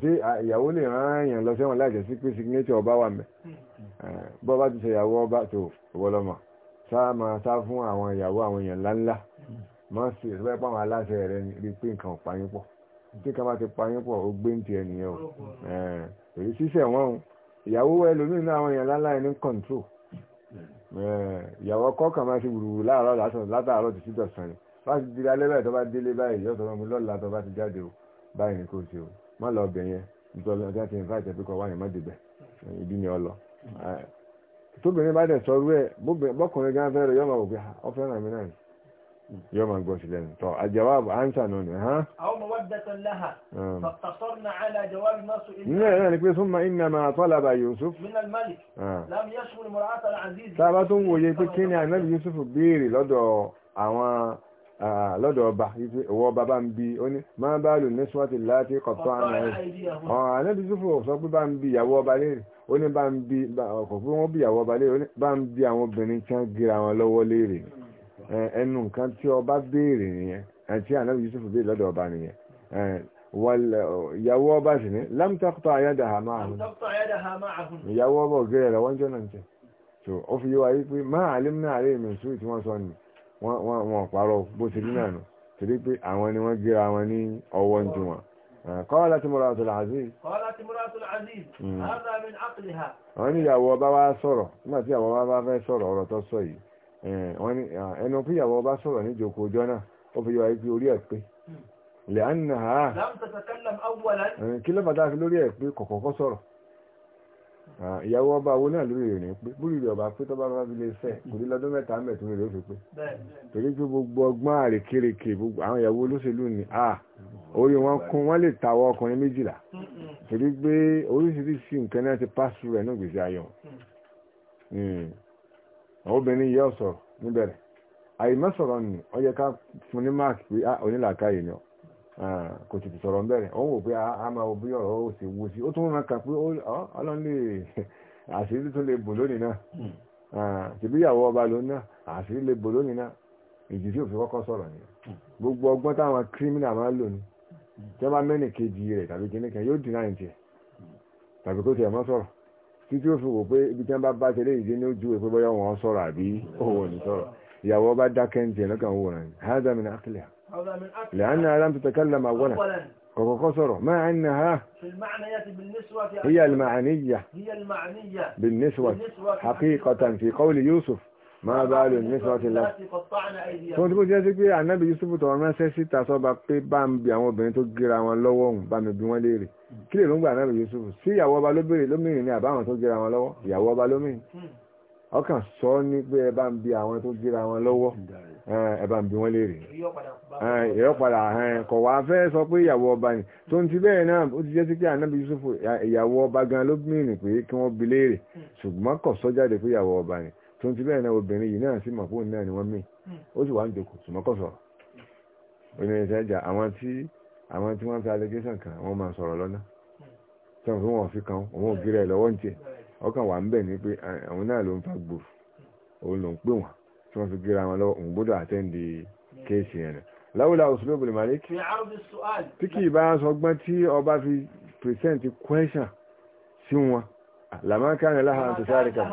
sí ìyàwó lè rán èèyàn lọ sẹ́wọ̀n láìjẹ́ sí pé signature ọba wà mẹ́ bọ́ bá ti ṣe ìyàwó ọba tó ìwọlọ́mọ sá máa sá fún àwọn ìyàwó àwọn èèyàn ńláńlá máa ṣe ìṣẹ́fẹ́ pàwọn aláṣẹ rẹ ni rí pé nǹkan pààyàn pọ̀ tí kan bá ti pààyàn pọ̀ ó gbé ní ti ẹnìyẹn o èyí ṣiṣẹ́ wọn o ìyàwó ẹlòmíràn náà àwọn èèyàn láláì ní kọ̀ǹtrò ìyàwó ọkọ kan máa ṣe wùrùwù láàárọ̀ lásán látàárọ̀ títí dọ̀sán ni bá ti di alẹ́ báyìí tó bá délé báyìí yóò sọ mi lọ́la tó bá ti jáde o báyìí ni kò ṣe o má lọ bẹ̀ yẹn nítorí invite ẹ̀ pé kọ́ wáyé má débẹ̀ ibi ni ọ lọ tóbìnrin bá dẹ̀ sọ rú ẹ̀ bọ́kùnrin gan fẹ́ rẹ̀ yọ́ máa wò pé ọ fẹ́ràn mi náà ni يوم máa gbọ́ sílẹ̀ الجواب tọ́ àjẹwàbù ها؟ أو مودة لها. ọmọ على dẹ́tọ̀ الناس fàtàfọ́n náà alájọwà lọ́sù ìlú. nílẹ̀ náà ni hmm. pé súnmọ́ iná máa tọ́lá bá Yusuf. minal malik. Hmm. láàmì yasùn mọ̀rọ̀ àtàlà aziz. tá a bá tún wòye pé kí ni anabi Yusuf béèrè lọ́dọ̀ àwọn lọ́dọ̀ ọba ìwọ bàbá ń bí ó ní máa bá lò ní swati láti kọ̀tọ́ àná rẹ̀ ọ̀hún ànábi tó sọ pé bá ń bí ìyàwó ọba léèrè ó ní bá ń bí ọkọ̀ pé wọ́n bí ìyàwó ọba léèrè ó ní bá ń bí àwọn obìnrin tí wọ́n gíra wọn lọ́wọ́ léèrè ni ẹnu nǹkan tí ọba béèrè nìyẹn àti ànábì Yusuf béèrè lọ́dọ̀ ọba nìyẹn ìyàwó ọba sì ní lámtàkùtà àyádàhà máa hùn ìyàwó ọba ògèrè rẹ̀ wọ́n jọ́nà jẹ́ so ó fi yíwa yí pé máa àlém náà àlè mi sùúrù tí wọ́n sọ ni wọ́n pàrọ̀ bó ti rí náà nù torí pé àwọn ni wọ́n gíra wọn ní ọwọ́ ń tiwọn قالت مرات العزيز قالت مرات العزيز هذا من عقلها wọ́n ní ìyàwó ọba wá sọ̀rọ̀ nígbà tí ìyàwó ọba bá fẹ́ sọ̀rọ̀ ọ̀rọ̀ tó sọ yìí Eh, wọ́n ní ah, ẹnu pé ìyàwó ọba sọ̀rọ̀ ní ìjòkó ọjọ́ náà ó fi yọ ipi orí ẹ̀ pé lè á nà á kí ló bàtà fi lórí ẹ̀ pé kọ̀kọ̀kọ́ sọ̀rọ̀ ah, ìyàwó ọba owó náà lórí rẹ̀ ní pé búrú rẹ̀ ọba pé tọ́ba bá fi lè fẹ́ kò dé lọ́dún mẹ́ta mẹ́tún rẹ̀ ó fi pé torí pé gbogbo ọgbọ́n àrékèrèké gbogbo àwọn ìyàwó olóṣèlú ni a ah, orí wọn kún wọn lè tàwọ ọkùnrin méjìlá hmm, hmm. torí pé oríṣiríṣi nǹkan náà ti pàṣẹ rẹ̀ náà gbèsè ayọ̀ obìnrin yìí ọ̀sọ̀rọ̀ níbẹ̀rẹ̀ àìmọ́sọ̀rọ̀ ni ó ká fún ní mark pé ah, onílàákàyè ni ọ ah, kò tètè sọ̀rọ̀ ń bẹ̀rẹ̀ ó wò pé ah, a máa wo ó sì wo sí ó tún ràn kà pé ọlọ́run àṣírí tún lè bò lónìí náà tìbíyàwó hmm. ọba lónìí náà àṣírí lè bò lónìí náà tí òfin kọ́kọ́ sọ̀rọ̀ ni hmm. gbogbo ọgbọ́n táwọn kírímìnà máa ń lò ní hmm. tí wọ́n bá kejì rẹ̀ tàbí yóò dín náà ń tàbí kó tiẹ̀ mọ́ sọ̀rọ̀ títí ó fi wò pé ibi tí wọ́n bá bá tẹ̀lé ìdí ní ojú ìpé bọ́yá wọn sọ̀rọ̀ àbí òun ní sọ̀rọ̀ ìyàwó bá dákẹ́ ń jẹ lọ́kàn wò rẹ̀ hazamin akilia náà lẹ́yìn ara ń tẹ̀kẹ́ lọ́mà wọ́nà kọ̀kọ̀kọ́ sọ̀rọ̀ máa ń na هي المعنية بالنسوة حقيقة في قول يوسف máa bá lò ní sọ́ọ̀tì lá fún tí kò jẹ́ sí pé ànábì yusufu tọ̀rọ̀ ránṣẹ́ síta sọ́ba pé bá ń bi àwọn obìnrin tó gíra wọn lọ́wọ́ òun bá mi bi wọ́n léèrè kí lè ló ń gba ànábì yusufu sí ìyàwó ọba lóbìnrin lómìnir ni àbáwọn tó gíra wọn lọ́wọ́ ìyàwó ọba lómìnir ọkàn sọ ní pé ẹ bá ń bi àwọn tó gíra wọn lọ́wọ́ ẹ bá ń bi wọ́n léèrè ìyọ́ padà kọ̀ wá fẹ́ sọ pé ìyàwó ọba ni tó ń ti bẹ́ẹ̀ náà ó ti jẹ́ sí pé ànábì yusufu ìyàwó ọba gan lóbìnrin pé kí wọ́n bi léèrè ṣùgbọ́n kọ̀ sọ jáde pé ìyàwó ọba ni tó bẹ́ẹ̀ náà obìnrin yìí náà sí màpóun náà ni wọ́n mí hmm. ó sì wá ń jòkó sùmọ́kọ̀ sọ̀rọ̀ onírin ìṣẹ́jà àwọn tí àwọn tí wọ́n fi allegation kan wọ́n máa sọ̀rọ̀ lọ́nà hmm. tí wọ́n fi wọ́n fi kan òun ò gírẹ̀ lọ́wọ́ ń tiẹ̀ ọkàn wà ń bẹ̀ ni pé àwọn náà ló ń fa gbòòrò hmm. òun ló ń pè wọ́n tí wọ́n fi gíra wọn lọ́wọ́ òun gbọ́dọ̀ àtẹ́ǹdì kéèsì yẹn láwùlà òṣèlú ògbòlè làmá kánà láha àti sáríkà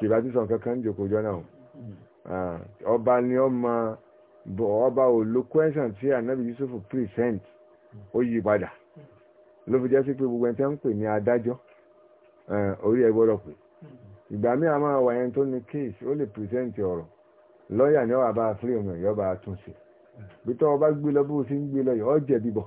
kìbá tí sọ̀kan kan jòkó jọ náà ọba ni ọmọ ọba olókó ẹ̀sàn tí ànábì Yusuf present ó yí padà ló fi jẹ́ sí pé gbogbo ẹni tẹ́ ń pè ní adájọ́ orí ẹ gbọ́dọ̀ pé ìgbà míì a máa wà yẹn tó ní case ó lè present ọ̀rọ̀ lọ́ọ̀yà ni ọba fílẹ̀ òmìnira yọba àtúnṣe bí tọ́ ọba gbé lọ bó ti ń gbé lọ yọ ọ́ jẹ̀bi bọ̀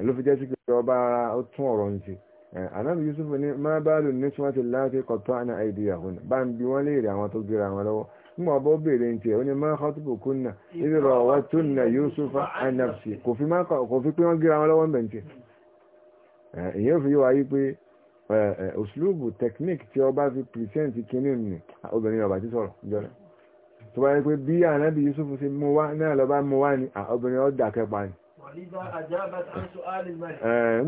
ló fi jẹ́ sí pé ọba tún ọ̀rọ̀ ń ṣe anábì Yusuf ní má bá lò ní súnmọ́ ti láti kọ̀tọ́ àná àìdí àhùn bá ń bi wọ́n léèrè àwọn tó gbéra wọn lọ́wọ́ nígbà ọba ó béèrè ń tiẹ̀ ó ní má kọ́tùbù kúnnà ibi rọ̀ wá tó nà Yusuf anafsi kò fi pé wọ́n gbéra wọn lọ́wọ́ ń bẹ̀ ń tiẹ̀ ìyẹn fi wá yí pé òṣùlùbù technique tí ọba fi present kínní ni obìnrin ọba ti sọ̀rọ̀ jọ́nà tó bá yẹ pé bí anábì Yusuf ṣe mú wá náà lọ́ba mú wá ni obìnrin ọ̀ dàkẹ́ ni ń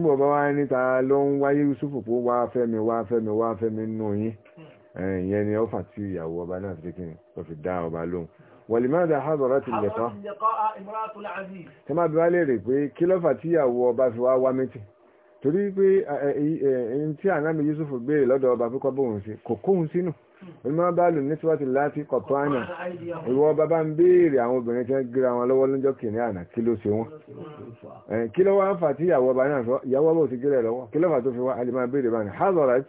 bọ̀ bá wá níta ló ń wáyé Yusufu pó wá fẹ́mi wá fẹ́mi wá fẹ́mi nù yín ìyẹn ni ọfà tí ìyàwó ọba náà fi kí tó fi dá ọba lóhùn wọ̀lìmáàdà hábọ̀rọ̀ ti lẹ̀kọ́ tí máa bí wá lèrè pé kí lọ́fà tí ìyàwó ọba fi wá wá mẹ́tì torí pé ẹ̀yìn tí ànámi Yusufu béèrè lọ́dọ̀ ọba pípọ́ bóun sí kò kóhun sínú ìmọ̀ bá lù ní síwájú láti kọ̀tọ́ àná ìwọ bàbá ń béèrè àwọn obìnrin tí wọ́n gíra wọn lọ́wọ́ lọ́jọ́ kìíní àná kí ló ṣe wọ́n kí ló wá ń fà tí ìyàwó ọba náà sọ ìyàwó ọba ò ti gíra ẹ̀ lọ́wọ́ kí ló fà tó fi wá a lè máa béèrè báyìí hazorat.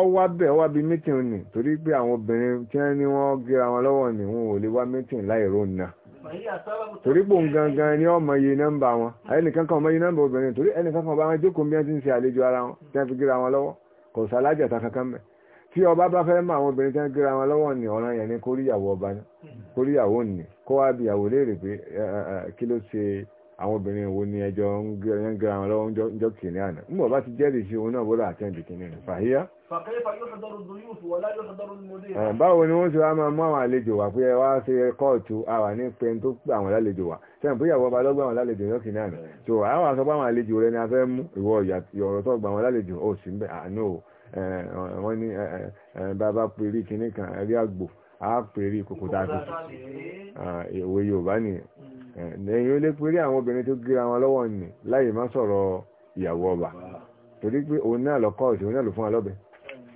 ọwọ́ bẹ̀ ọwọ́ bíi mítìn ni torí pé àwọn obìnrin tí wọ́n ní wọ́n gíra wọn lọ́wọ́ ni wọn ò lè wá mítìn láì rónà torí pò ń gangan ni ọmọ iye nọ́mbà wọn ẹnìkan ọmọ iye nọ́mbà obìnrin torí ẹnìkan ọba wọn jókòó bí wọn ti ń ṣe àlejò ara wọn tí wọn fi gíra wọn lọ́wọ́ kò sálájàta kankan mẹ́ tí ọba bá fẹ́ mọ̀ àwọn obìnrin tí wọ́n gíra wọn lọ́wọ́ ni ọ̀ràn yẹn ni kóríyàwó ọba kóríyàwó ni kó wá bí ìyàwó pé kí ló ṣe àwọn obìnrin wo ni ẹjọ́ ń gẹ́ra wọn lọ́wọ́ ńjọ́ kìíní àná nígbà bá ti jẹ́rìí sí òun náà bọ́dọ̀ àtẹ́ǹdì kìíní rẹ̀ fàhíyá. báwo ni wọ́n ti wá máa mú àwọn àlejò wá pé ẹ wá ṣe kóòtù àwà ní pé tó pé àwọn lálejò wá sẹ́yìn pé ìyàwó ọba lọ́gbà àwọn lálejò ńjọ́ kìíní àná tó àwọn àṣọ bá àlejò rẹ ni a fẹ́ mú ìwọ ọ̀rọ̀ tó gbà àwọn lálejò ó sì ń bẹ̀ àánú kan rí àgbò á pèrè kòkòtà àti ìwé ẹ̀yìn ó lé pé rí àwọn obìnrin tó gíra wọn lọ́wọ́ nì láyè má sọ̀rọ̀ ìyàwó ọba torí pé òun náà lọ kọ́ ọ̀sẹ̀ òun náà ló fún wa lọ́bẹ̀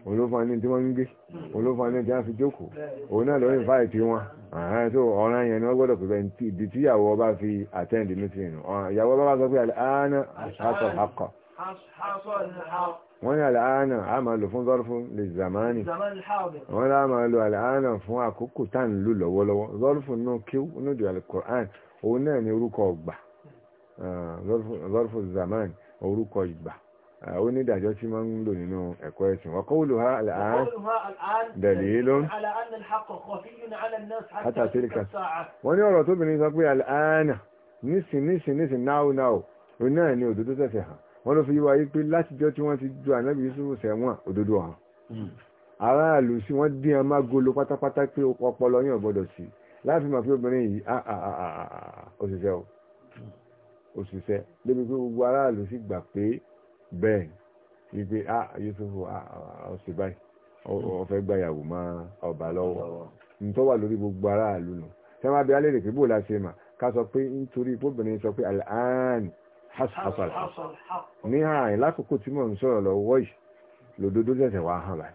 òun ló fún wa ní tí wọ́n ń gbé òun ló fún wa ní tí wọ́n fi jókòó òun náà lọ́yìn fáì tí wọ́n tó ọ̀ràn yẹn ni wọ́n gbọ́dọ̀ pẹ̀lú ìdí tí ìyàwó ọba fi attend meeting ìyàwó ọba sọ pé àlàáná àṣàṣọ àkọ́ wọ́n ní àlàáná a máa lò fún zọ́rọ̀ fún lè zamani wọ́n lá máa lo àlàáná fún àkókò tá à ń lò lọ́wọ́lọ́wọ́ zọ́rọ̀ fún náà kíw nínú ìdí òun náà ni orúkọ ọgbà eh, lọ́rùfù zaman orúkọ ìgbà eh, onídàájọ́ tí máa ń lò nínú ẹ̀kọ́ ẹ̀sìn wa qawluha al-an dalilun hatta tilka wọ́n ní ọ̀rọ̀ tóbìnrin sọ pé al-ana nísìn nísìn nísìn náà náà òun náà ni òdodo tẹ̀sẹ̀ hàn wọ́n ló fi yíwa yí pé látijọ́ tí wọ́n ti ju ànábì Yúsúfù sẹ́wọ̀n òdodo hàn hmm. aráàlú sí wọ́n dín amágolo pátápátá pé ọpọlọ yín ò sí i láti mọ̀ pé obìnrin yìí ah, ah, ah, òṣìṣẹ́ o òṣìṣẹ́ débi pé gbogbo aráàlú sì gbà pé bẹ́ẹ̀ ni pé Yusufu ọ̀sẹ̀ báyìí ọ̀fẹ́ gbàyàwó mọ́ ọba lọ́wọ́ nítorí wà lórí gbogbo aráàlú nù tẹ́ máa bí alẹ́ rè pé bó la ṣe mà ká sọ pé nítorí obìnrin sọ pé alẹ́ àánì hasasala ní àárín lákòókò tí mò ń sọ̀rọ̀ lọ́wọ́ yìí lòdòdó tẹ̀sẹ̀ wá hàn báyìí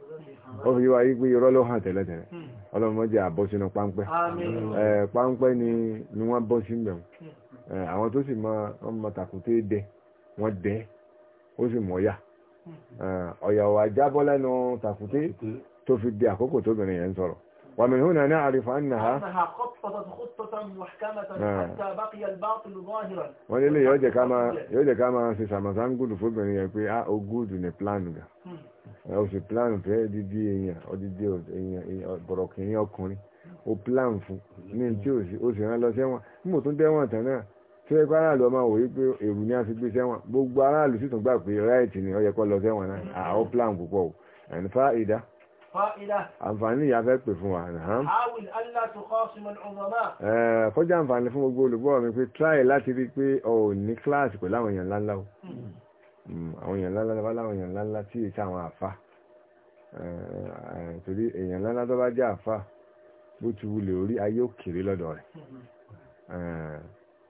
ó fi wá yí pé irọ́ ló hàn tẹ́lẹ̀tẹ́lẹ̀ hmm. ọlọ́mọdé àbọ́ sínú páńpẹ́ páńpẹ́ ni wọ́n bọ́ sí mẹ́wọ̀n àwọn tó sì mọ tàkùté dẹ wọ́n dẹ ó sì mọ̀ yá ọ̀yàwó hmm. ajábọ́ lẹ́nu tàkùté tó fi di àkókò tóbìnrin yẹn ń sọ̀rọ̀ ومن هنا نعرف أنها أنها خطة خطة محكمة حتى بقي الباطل ظاهرا ولله يوجد كما يوجد كما في سامسان قول فوبن يقول آه أوجود نبلان ó sì plan fẹ́ dídí èèyàn ọdídí èèyàn bọ̀rọ̀kìnrin ọkùnrin ó plan fún ní tí ó sì rán lọ sẹ́wọ̀n nígbò tó dẹ́wọ̀n tán náà tí ẹgbẹ́ aráàlú ọmọ òye pé èrú ni a fi gbé sẹ́wọ̀n gbogbo aráàlú sì tún gbà pé ráìtì ni ó yẹ kó lọ sẹ́wọ̀n náà àá hmm. ó ah, plan púpọ̀ ò ẹ̀ńfà ìdá àǹfààní ìyá fẹ́ pè fún wa nàám. kọjá àǹfààní fún gbogbo olùgbọ́ mi pé try láti rí pé ọ ò ní kíláàsì pẹ̀lú àwọn èèyàn ńláńlá o hmm, àwọn èèyàn ńláńlá bá láwọn èèyàn ńláńlá tí èyí sáwọn àfa torí èèyàn ńláńlá tó bá jẹ́ àfa bó ti wulẹ̀ orí ayé òkèrè lọ́dọ̀ rẹ̀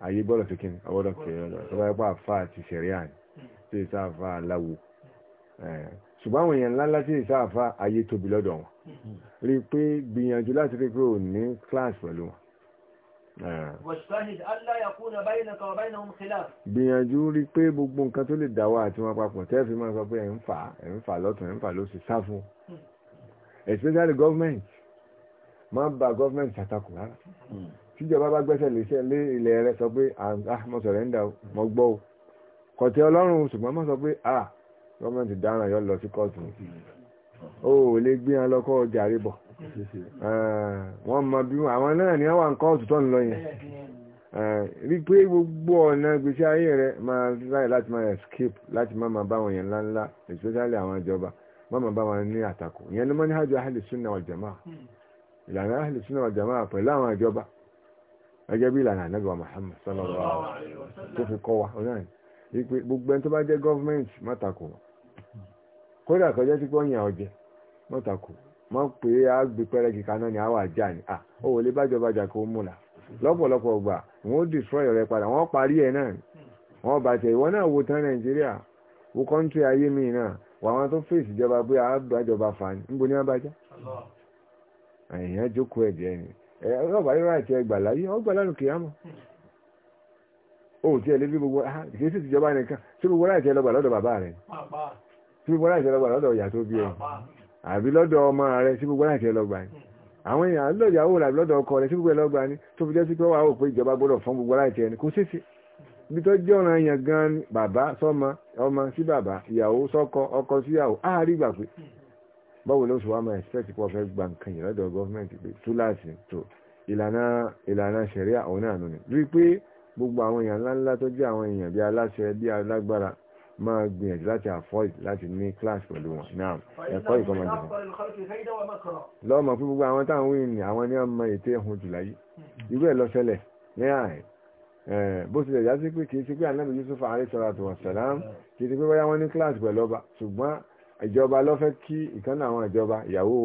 ayé gbọ́dọ̀ fi kíni ọwọ́dọ̀ kèrè lọ́dọ̀ tó bá yẹ pé àfa àti sẹ̀ríà ni tí èyí sáà ṣùgbọ́n àwọn èèyàn ńláńlá sí ìsáàfà ayé tóbi lọ́dọ̀ wọn hmm. rí i pé gbìyànjú láti rí i pé ò ní class pẹ̀lú wọn. Eh. gbìyànjú rí i pé gbogbo nǹkan tó lè dáwọ́ àti wọn papọ̀ tẹ́ẹ̀fì máa sọ pé ẹ̀ ń fà ẹ̀ ń fà lọ́tún ẹ̀ ń fà lósì sáfún hmm. especially government máa ń ba government ṣàtakò rárá hmm. tíjọba bá gbẹ́sẹ̀ lé ilẹ̀ rẹ sọ pé ah mo sọ̀rẹ́ńdà mo gbọ́ o kọ̀tẹ́ ọlọ́run ṣùgbọ́n mo sọ pé ah gọ́ọ̀mẹ̀ntì dáràn yọ lọ sí kóòtù ó ò lè gbé wọn lọ́kọ́ ọjà rí bọ̀ eh, wọ́n mọ bí àwọn náà ní àwọn kóòtù tó ń lọ yẹn eh, rí pé gbogbo ọ̀nà gbèsè ayé rẹ máa láì láti máa escape láti má máa bá wọn yẹn ńláńlá especially àwọn ìjọba má máa bá wọn ní àtakò ìyẹn ló mọ́ ní hajj ahli sunna wal jamaa ìlànà ahli sunna wal jamaa pẹ̀lú àwọn ìjọba gẹ́gẹ́ bí ìlànà ànágbà Muhammad sallallahu alaihi wasallam tó fi kọ́ wa ọ̀nà yìí gbogbo ẹni tó bá jẹ́ gọ́ọ̀mẹ̀ntì má takò wọn kódà kọjá sí pọ́yìn ọ̀jẹ̀ mọ́tàkù mọ́ pé a gbé ni a ní à ó wòlé bájọba jà kó mú la lọ́pọ̀lọpọ̀ gbà wọ́n destroy rẹ padà wọ́n parí ẹ̀ náà wọ́n bá tẹ̀ ìwọ náà wo tán nàìjíríà wo kọ́ńtì ayé mi náà wà wọn tó fèsì ìjọba pé a bájọba fà ní níbo jókòó ẹ̀jẹ̀ ni yóò láyé ọgbà lánàá kìí àmọ́ tiẹ̀ lé ah, sí gbogbo láti ẹlọgbà lọ́dọ̀ ìyá tó bí ọ àbí lọ́dọ̀ ọmọ rẹ sí gbogbo láti ẹlọgbà ni àwọn èèyàn lọ́dọ̀ ìyàwó rẹ àbí lọ́dọ̀ ọkọ rẹ sí gbogbo ẹlọgbà ni tó fi jẹ́ sí pé wàá rò pé ìjọba gbọ́dọ̀ fún gbogbo láti ẹni kò sí sí ibi tó jẹ́ ọ̀ràn yẹn gan ni bàbá sọ́mọ ọmọ sí bàbá ìyàwó sọ́kọ ọkọ síyàwó àárí gbà pé báwo ló sọ wá máa expect pọ̀ fẹ́ gba nǹkan yìí lọ́dọ̀ gọ́ọ̀mẹ̀ntì pé túláàsì tó ìlànà ìlànà ṣẹ̀ríà ọ̀hún náà nù ni rí i pé gbogbo àwọn èèyàn ńláńlá tó jẹ́ àwọn èèyàn bíi aláṣẹ bíi alágbára máa gbìyànjú láti avoid láti ní class pẹ̀lú wọn náà ẹ̀kọ́ ìkọ́mọ̀ jùlọ. lọ́mọ fún gbogbo àwọn táwọn wíìn ni àwọn ní ọmọ ètè ẹ̀hún jùlá yìí hmm. irú ẹ̀ lọ ṣẹlẹ̀ ní àárín bó tilẹ̀ yá sí pé kì í ṣe pé ànábì Yusuf alayhi salatu wa salam kì í ṣe pé bóyá wọ́n ní class pẹ̀lú ọba ṣùgbọ́n ìjọba ló fẹ́ kí ìkan náà àwọn ìjọba ìyàwó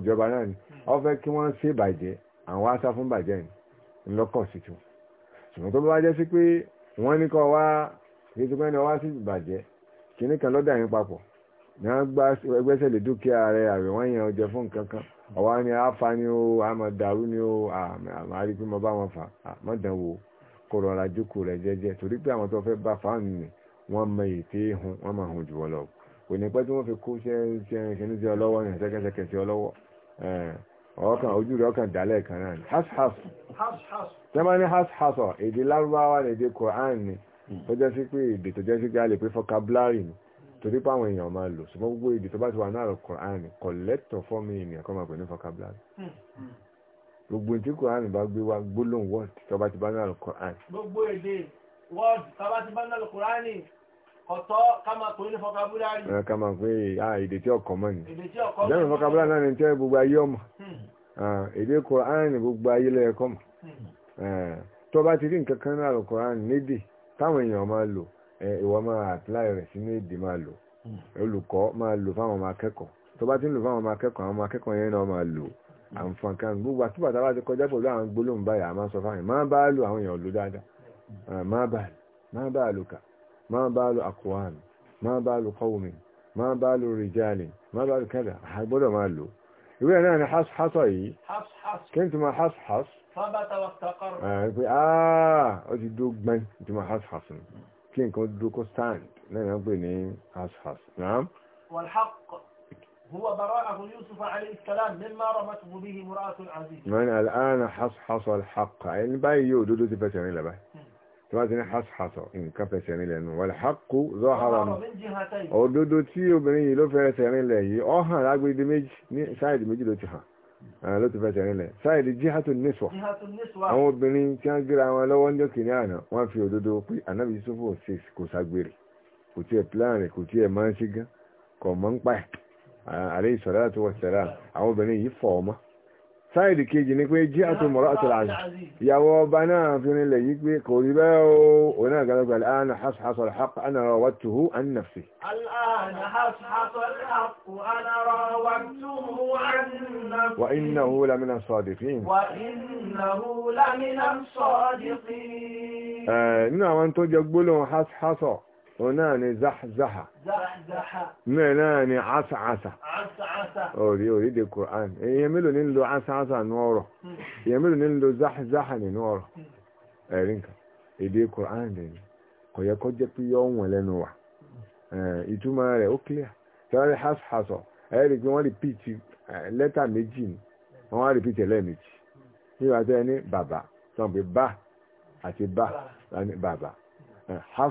ìjọba náà ni hmm. ó fẹ́ kí wọ́n ṣe bàjẹ́ àwọn aṣá fún bàjẹ́ ni ńlọ́kọ̀ sí tu ṣùgbọ́n tó bá jẹ́ sí pé wọ́n ní kọ́ wá kìí ti pẹ́ni ọwá sí ìbàjẹ́ kìíní kan lọ́dà yín papọ̀ ní wọ́n gbá ẹgbẹ́sẹ̀ lè dúkìá rẹ̀ àwẹ̀ wọ́n yẹn ọjọ́ fún nǹkan kan ọwá ni afa ni ó àmọ́ dàrú ni ó àmọ́ àrí pé mo bá wọn fà àmọ́ dàn wò kó rọra jókòó rẹ̀ jẹ́jẹ́ torí pé àwọn tó fẹ́ bá fáwọn nì wọ́n mọ ètè hun wọ́n máa hun jù wọ́n lọ kò ní pẹ́ tí wọ́n fi kó ṣẹ́yìn sí ọlọ́wọ́ ní ṣẹ́kẹ́ṣẹkẹ̀ sí ọlọ́wọ́ ọkàn ojú rẹ̀ ọkàn dálẹ̀ kan náà ni hashas tẹ́mọ́ ní hashasọ̀ èdè lárúbáwá èdè Kùránì tó jẹ́ sí pé èdè tó jẹ́ sí pé a lè pé vocabulary ni torí pé àwọn èèyàn máa lò ṣùgbọ́n gbogbo èdè tó bá ti wà náà Kùránì collector fọ́ọ̀mù ènìyàn kọ́ máa pè ní vocabulary hmm, hmm. gbogbo tí Kùránì bá gbé wá gbólóhùn word tó bá ti bá náà Kùránì. gbogbo èdè word tó bá ti bá náà Kùránì ọ̀tọ̀ ká máa pè ní vocabulary. Eh, ká máa pè é èdè tí ọkọ̀ mọ́ ni èdè tí ọkọ̀ mọ́ ni. lẹ́yìn vocabulary náà ni tẹ́ táwọn èèyàn máa lò ìwọ máa àtìláì rẹ̀ sínú èdè máa lò hmm. olùkọ́ máa lò fáwọn ọmọ akẹ́kọ̀ọ́ tó bá ti ń lò fáwọn ọmọ akẹ́kọ̀ọ́ àwọn ọmọ akẹ́kọ̀ọ́ yẹn náà máa lò hmm. àǹfààní kan gbogbo àtúbà tá a bá ti kọjá pẹ̀lú àwọn gbólóhùn báyà máa sọ fáwọn máa bá lò àwọn èèyàn lò dáadáa hmm. ah, máa bá máa bá lò kà máa bá lò àkùwàn máa bá lò kọ́wùmí máa bá lò rìjáàlì máa bá lò kẹ́lá àgbọ́dọ̀ máa lò ìwé náà ni hásù hásù yìí kí n ti máa hásù hásù pé ó ti dó gbẹ́n tí mo house house nù kí nǹkan dó kó stand náà náà pè ní house house náà. هو براءه يوسف عليه السلام مما رمته به امرأة عزيز من الآن حصحص الحق يعني باي يودو دي فسرين لبا تبعتني حصحص إن كفسرين لأنه والحق ظهر من جهتين ودودو تي وبني لو فسرين لأيه أوها لاقوي دمج سايد مجي لو تيها ló ti fẹsẹ̀ rinlẹ̀ sáìdì jihatu niswa àwọn obìnrin tí wọ́n gbéra wọn lọ́wọ́ ń jọ́kì ní àná wọ́n fi òdodo pé anabi yusufu six kò ságbèrè kò tiẹ̀ plan rẹ̀ kò tiẹ̀ máa ń ṣe gan kò mọ́ ń pa ẹ̀ àlẹ́ àti wọ́n sáìdì kejì ni pé jí àtúmọ̀rọ̀ àtúlàjì ìyàwó ọba náà fi nílẹ̀ yí pé kò rí bẹ́ẹ̀ o ò náà gẹ́gẹ́ pẹ̀lú àánà hasasọ̀ alhaq ana rawattuhu an nafsi. al'ana hasasọ̀ alhaq ana rawattuhu an nafsi. wa innahu lamina sadiqin. wa innahu lamina sadiqin. nínú àwọn tó jẹ gbólóhùn hasasọ̀. o náà ni zahazaha mẹ́rin náà ni asaasa orí orí de Qur'an èèyàn mélòó ní lo asaasa nínú ọ̀rọ̀ èèyàn hmm. mélòó ní lo zahazaha nínú ọ̀rọ̀ hmm. ẹ̀rí nǹkan èdè Qur'an dẹ̀ ni kò yẹ kó jẹ́ pé yọ wọ̀n lẹ́nu wa ìtumọ̀ rẹ̀ ó clear tẹ́wọ́n hashaso ẹ̀rí pé wọ́n repeat lẹ́tà méjì ni wọ́n wá repeat lẹ́ẹ̀mejì nígbà tó yẹ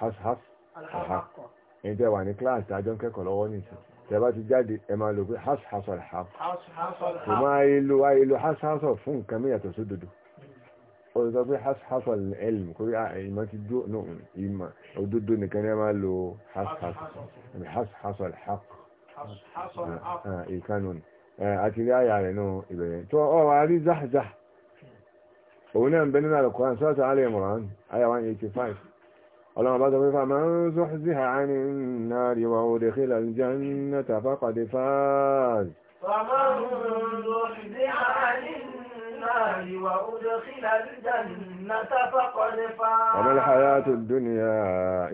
hashas alhaq ẹni tẹ́ wà ní kíláàsì tàjọ ń kẹ́kọ̀ọ́ lọ́wọ́ nìsín tẹ́ bá ti jáde ẹ máa lò pé hashas alhaq kò máa lo ayé lo hashas fún nǹkan mí yàtọ̀ sódodo mm. ó sọ pé hashas ilm kó ah, ìmọ̀ ti dúró nù ìmọ̀ òdodo nìkan ni ẹ máa lo hashas hashas alhaq ah, ah, ìkànnù àti ilé ayà rẹ̀ náà ìbẹ̀rẹ̀ tó ọwà rí zahzah mm. òun náà ń bẹ nínú àlùkò àǹsọ́ọ̀tà alẹ́ ìmọ̀ràn ayà 185 ọlọ́run bá sọ pé fàmà ń zuhziha 'ani n-nari wa udkhila al-jannata faqad faz. fàmà ń zuhziha 'ani n-nari wa udkhila al-jannata faqad faz. wa ma l-hayatu d-dunya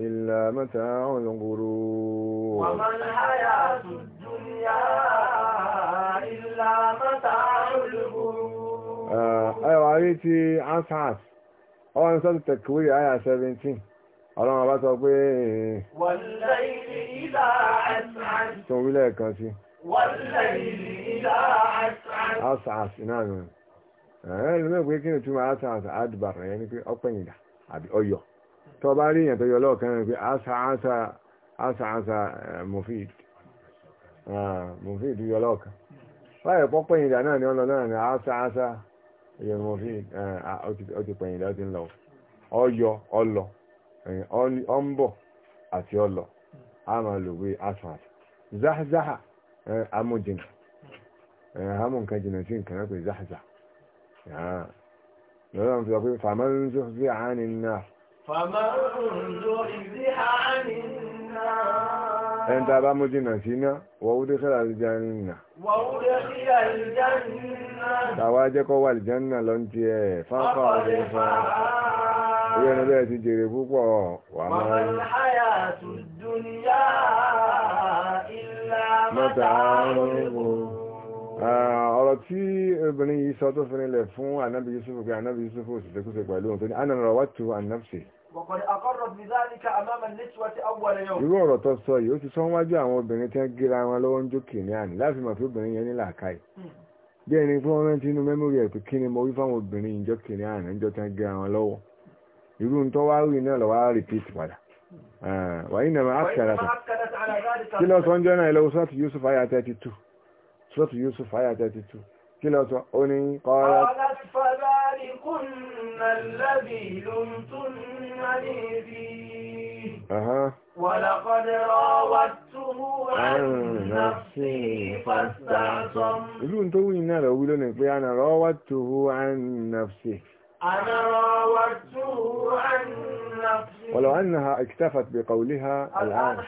illa mata'ul ghurur. wa ma l-hayatu d-dunya illa mata'ul ghurur. ẹwà rí ti ansars ọwọ́n sọ́tù tẹ̀kúrì àyà 17 ọlọ́run ọba sọ pé tó wílẹ̀ kan sí asas náà nù ẹ̀ẹ́ ló mẹ́rin pé kí ni túmọ̀ asas adìbàrẹ̀ yẹn ni pé ọpẹ́yìndà àbí ọyọ̀ tó bá rí èèyàn tó yọ lọ́ọ̀kan rẹ̀ pé asàásà eh, mufid ah, mufid yọ lọ́ọ̀kan báyẹ̀ pọ́ pẹ̀yìndà náà ni ọlọ́ náà ni asàásà yọ mufid eh, ah, ó pẹ̀yìndà ti ń lọ ọyọ ọlọ́ ọ̀nbọ̀ àti ọlọ a máa lòwe asfalt záhzáhà amójìnà àmọ́ nǹkan jìnà sí nǹkan náà pé záhzá lọ́nà fi sọ pé fàmà ń zó sí àánì náà fàmà ń zó sí àánì náà ẹn tàbá mú sí iná wọ́wúdé sọ́rọ̀ àlìjánà wọ́wúdé sí àlìjánà tàwà jẹ́kọ́ wà àlìjánà lọ́n ìwé ẹni bẹ́ẹ̀ ti jèrè púpọ̀ wà máa ń háyà tó dúnyà ìlà mọ́ta ọ̀rọ̀ tí obìnrin yìí sọ tó fẹ́rẹ̀lẹ̀ fún anábi Yusuf pé anábi Yusuf ò sì tẹ́kùsẹ̀ pẹ̀lú òun tó ní anàrà wà tó anáfsì irú ọ̀rọ̀ tó sọ yìí ó ti sọ wájú àwọn obìnrin tí wọ́n gíra wọn lọ́wọ́ ń jókè ní àná láti mọ̀ fún obìnrin yẹn ní làákàyè hmm. bí ẹni fún ọmọ tí inú mẹ́mórì ẹ̀ kí ni mo wí fáwọn obìnrin ìjọ kìnìún àná tí wọ́n gíra wọn lọ́wọ́ irú tó wá rí náà lọ wá repeat padà wàyí nàmà ákàrà tà kí lọ sọ ń jẹ́ náà ilẹ̀ sọ́ọ̀tù Yusuf ayà 32 sọ́ọ̀tù Yusuf ayà 32 kí lọ sọ ó ní kọ́ọ̀rọ̀ ولقد راودته عن نفسه فاستعصم. يقولون توي نرى يقولون أنا راودته أنا راودته عن نفسي ولو أنها اكتفت بقولها الآن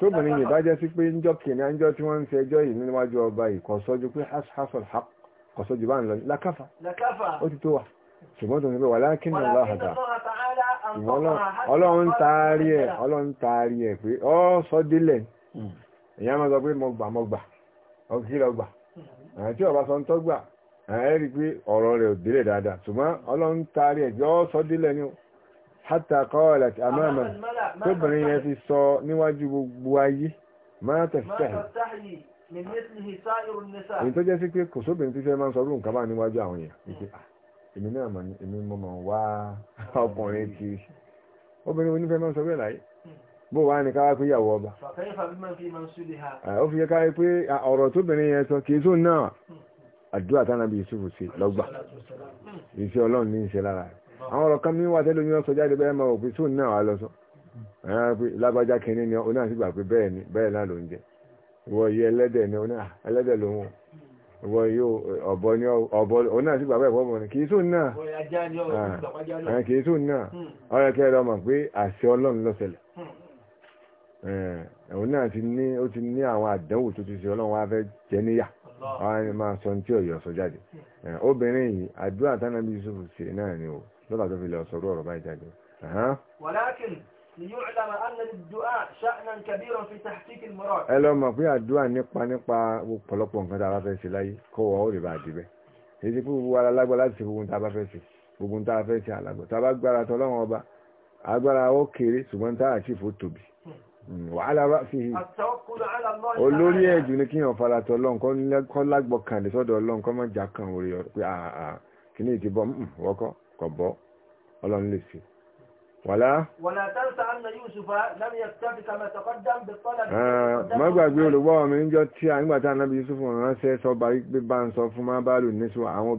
tóbìnrin yìí bá jẹ́ sí pé ńjọ́ kìíní ńjọ́ tí wọ́n ń ṣe ẹjọ́ yìí níwájú ọba yìí kò sọ ju pé hashasul haq kò sọ ju ẹ rí i pé ọ̀rọ̀ rẹ̀ ò délẹ̀ dáadáa ṣùgbọ́n ọlọ́run taari ẹ̀ yọ́ sọ délẹ̀ ni ó hátà kọ́ọ̀lá ti àmàmà tóbìnrin yẹn fi sọ níwájú gbogbo ayé máa tẹ̀síkà yìí. èyí tó jẹ́ sí pé kò sóbìnrin tí fẹ́ máa ń sọ lóhùn kábàá níwájú àwọn èèyàn wípé ah, èmi náà mọ̀ ní èmi mọ̀ mọ̀ wá ìyàwó ọba. Ah, ọ̀rọ̀ tóbìnrin yẹn sọ kì í náà àdúrà tánàbí Yusuf sí lọ́gbà iṣẹ́ ọlọ́run ní ìṣẹ́ lára rẹ̀ àwọn ọ̀rọ̀ kan mi wà tẹ́lẹ̀ omi ọ̀sọ̀ jáde bẹ́ẹ̀ máa òpin sóun náà wà lọ́sọ̀ lágbájá kínní ni oní àtìgbà pé bẹ́ẹ̀ ni bẹ́ẹ̀ náà ló ń jẹ ìwọ yìí ẹlẹ́dẹ̀ ni oní ẹlẹ́dẹ̀ ló wọn ìwọ yìí ọ̀bọ ni ọ̀bọ oní àtìgbà bẹ́ẹ̀ pọ̀bọ ni kì í sóun náà ah, kì í sóun náà ọ̀rẹ́ kẹ́ ẹ̀rọ mọ̀ pé àṣẹ ọlọ́run ló ṣẹlẹ̀ hmm. òun náà ti ní àwọn àdánwò tó ti ṣe ọlọ́run wá fẹ́ jẹ níyà àwọn ẹni máa sọ tí ọ̀yọ́ sọ jáde obìnrin yìí àdúrà tánàbí Yusuf ṣe náà ni o lọ́ba tó fi lọ sọ̀rọ̀ ọ̀rọ̀ báyìí jáde. wàlákin ليعلم أن الدعاء شأنا كبيرا في تحقيق المراد ẹ lọ mọ̀ pé àdúà nípa nípa ọ̀pọ̀lọpọ̀ nǹkan tá a bá fẹ́ ṣe láyé kó wọ́n ó lè bá a dìbẹ́ èyí pé gbogbo ara lágbára láti ṣe gbogbo tá a bá fẹ́ ṣe gbogbo tá a fẹ́ ṣe àlágbó tá a bá gbára tọ́lọ́wọ́n wàhálà rà fi olórí ẹ̀jù ni kí yàn fara tọ ọlọ́run kọ́ lágbọ́ kàndé sọ́dọ̀ ọlọ́run kọ́ mọ̀jà kan orí ọ̀rọ̀ pé ah, ah, ah, kìíní ti bọ́ mm, mm, wọ́kọ́ kọ̀ bọ́ ọlọ́run lè fi. wàlá. wàlá tẹ́lifà àná yusufa lámì ẹ̀kẹ́tì kàmẹ́ tọkọ́dán bẹ̀ tọ́lá. má gbàgbé olùgbọ́ mi ń jọ tí a nígbà tá a nábi yusuf ránṣẹ́ sọ bá gbé bá ń sọ fún má bá lù níṣu àwọn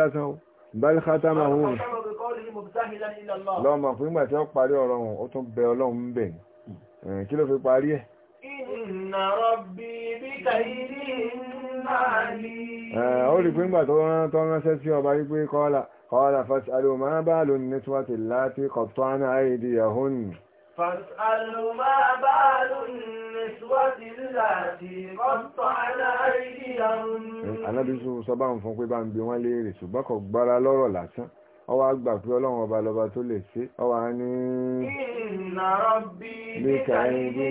àwọn bal khatamahu lọ́mọ fún ìgbà tí ó parí ọ̀rọ̀ wọn ó tún bẹ ọlọ́run ń bẹ̀ kí ló fi parí ẹ̀ ó rí pé ńgbà tó rán tó ránṣẹ́ sí ọba wípé kọ́lá kọ́lá fas'alu ma balu nítíwàtí láti qatta'na aydiyahun فاسألوا ما بال النسوة التي قطعن أيديهن anábìsù sọ bá ń fún pé bá ń bi wọ́n léèrè ṣùgbọ́n kò gbára lọ́rọ̀ lásán ọwọ́ àgbà pé ọlọ́run ọba lọ́ba tó lè ṣe ọwọ́ á ní. bíkà ibi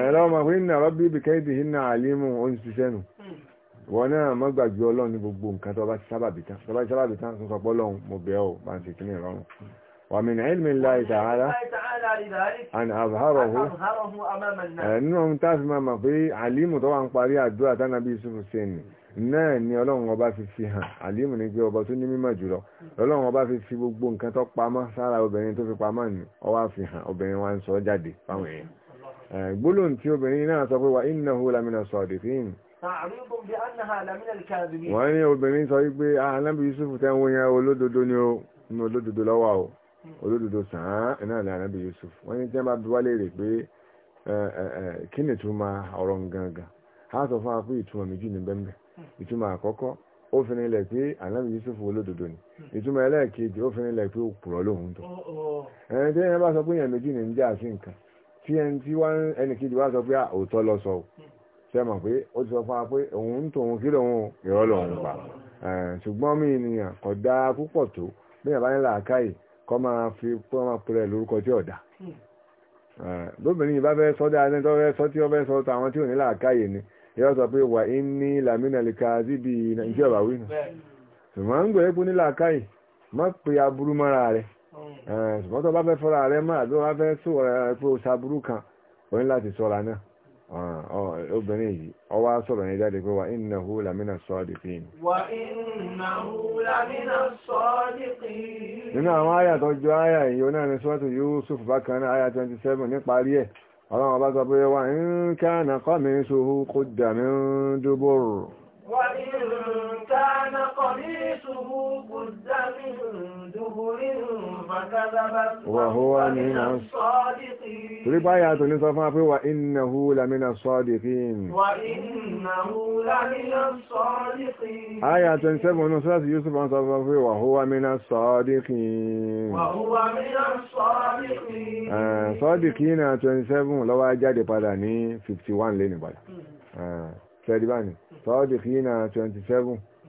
ẹ̀rọ ọmọ pé ní àrọ́ bí bíkà ibi iná àlímù ó ṣiṣẹ́ nù hmm. wọn náà má gbàgbé ọlọ́run ní gbogbo nǹkan tó bá ti sábàbí tán tó bá ti sábàbí tán sọ pé ọlọ́run mo bẹ̀ ọ́ bá ń ṣe kíní ìrọ̀rùn hmm. ومن علم الله تعالى أن أظهره أنهم تاسما ما في عليم طبعا قاري الدعاء تنبي يوسف السيني náà ni ọlọ́run ọba fi fi hàn àlímù ní pé ọba tó ní mímọ̀ jùlọ ọlọ́run ọba fi fi gbogbo nǹkan tó pamọ́ sára obìnrin tó fi pamọ́ ní ó wá fi hàn obìnrin wa ń sọ jáde fáwọn èèyàn gbólóhùn tí obìnrin náà sọ pé wa innahu lamina sadiqin wọ́n ní obìnrin sọ wípé alábi Yusuf tẹ́ ń wọ́n yẹn olódodo ni ó ní olódodo lọ́wọ́ o olódodo sàn án iná ìlànà ànábì Yusuf wọ́n ní tí wọ́n bá bí wálé rè pé kí ni ìtumọ̀ ọ̀rọ̀ gangan a sọ fún wa pé ìtumọ̀ méjì ní bẹ́ẹ̀ ìtumọ̀ àkọ́kọ́ ó fi nílẹ̀ pé ànábì Yusuf olódodo ni ìtumọ̀ ẹlẹ́ẹ̀kejì ó fi nílẹ̀ pé òpùrọ̀ lòun tó ẹni tí wọ́n bá sọ pé èèyàn méjì ní ń jà sí nǹkan tí ẹni tí ẹnì kejì wá sọ pé òótọ́ lọ sọ ṣe mọ̀ pé ó ti sọ fún wa pé òun ń tòun kí lòun ìrọ́ lòun pa ṣùgbọ́n mi ènìyàn kò púpọ̀ tó bí yàrá ńlá àkáyè kọ́ máa fi kọ́ máa pẹ̀lẹ́ lórúkọ tí ọ̀dà hmm. lóbìnrin yìí bá fẹ́ sọ dáadáa tó fẹ́ sọ tí ó fẹ́ sọ tàwọn tí ò ní làákàyè ni yóò sọ pé wà í ní làmínà lè ka síbi nàìjíríà bá wí nù ṣùgbọ́n ń gbèrè fún ní làákàyè má pe aburú mọ́ra rẹ̀ hmm. ṣùgbọ́n tó bá fẹ́ fọ́ra rẹ̀ má àbí wọ́n fẹ́ sọ̀rọ̀ rẹ̀ pé o ṣàbúrú kan òun láti sọ̀ra náà Ah, ah, obìnrin yìí ó wá sọ̀rọ̀ yẹn jáde pé wà innahu lamina sadiqin wà innahu lamina sadiqin nínú àwọn àyà tó jọ àyà yìí ó náà ní suratu Yusuf bákan náà àyà 27 níparí ẹ̀ ọlọ́run ọba sọ pé wà ń kana qamisuhu qudda min dubur wà ń kana qamisuhu qudda min dubur wa huwa mina sọ́dìkín. torí báyà tó ní sọ fún wa pé wa innahu lamina sọ́dìkín. wa innahu lamina sọ́dìkín. àyà 27 ní sọ́dìkín Yusuf sọ fún wa huwa mina sọ́dìkín. wa huwa mina sọ́dìkín. sọ́dìkín náà 27 ló wá jáde padà ní 51 lé nígbàdà. sẹ́dí báyìí hmm. hmm. sọ́dìkín 27.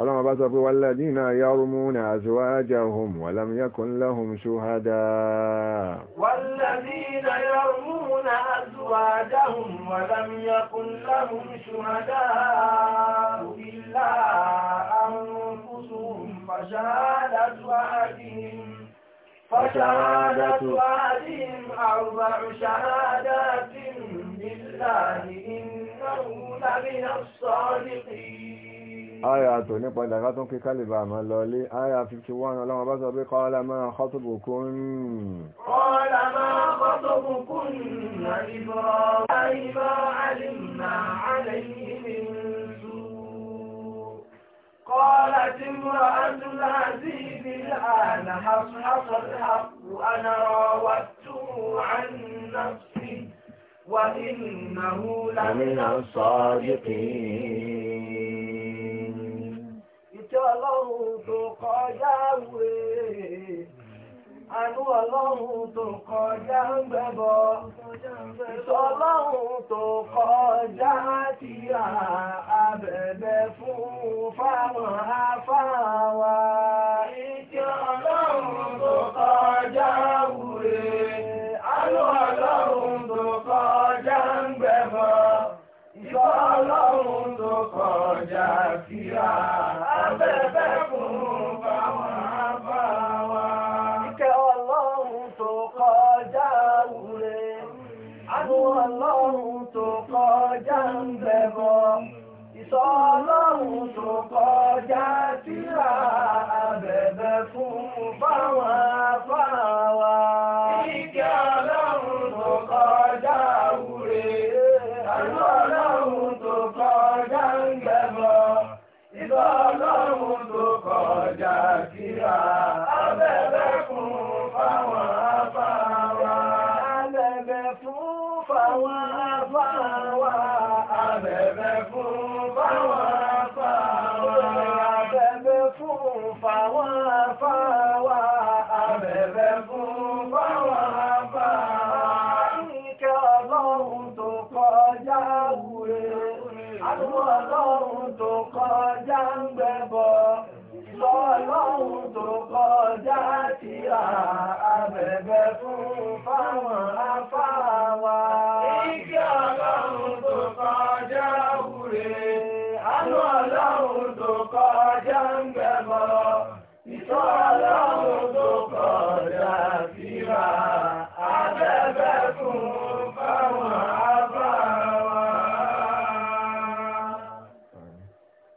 فلما بصروا والذين يرمون أزواجهم ولم يكن لهم شهداء والذين يرمون أزواجهم ولم يكن لهم شهداء إلا أنفسهم فشهادة أحدهم فشهادة أحدهم أربع شهادات لله إنه لمن الصادقين aya tó nípa ìdàgá tó ń kí kálìbà àmà lọlé aya 51 ọlọ́wọ́ bá sọ pé kọ́ọ́lá máa kọ́tùbù kún kọ́ọ́lá máa kọ́tùbù kún nà ìbọ̀ àìbọ̀ àlìmà àlẹ́yìn قالت امرأة ọlọ́run tó kọjá ń gbẹ́bọ ìṣọlọ́run tó kọjá ti ra abẹ̀bẹ̀ fún fáwọn afáwa. ìṣẹ́ tó kọjá wúre alọ́ tó kọjá ń gbẹ́bọ ìṣọlọ́run tó kọjá ti ra abẹ̀bẹ̀ fún. kọjá ń bẹ̀bọ̀ ìsọ ọlọ́run tó kọjá síra abẹ̀bẹ̀ fún fáwọn afáwa. ìkẹ́ ọlọ́run tó kọjá wúre àlọ́ ọlọ́run tó kọjá ń bẹ̀bọ̀ ìsọ ọlọ́run tó kọjá síra. tó kọjá sí àbẹ̀bẹ̀ fún fáwọn afáwa. Ìgbé ọlọ́run tó kọjá wúre, àánú ọlọ́run tó kọjá ń gbẹ̀bọ̀. Ìtọ́ ọlọ́run tó kọjá sí àbẹ̀bẹ̀ fún.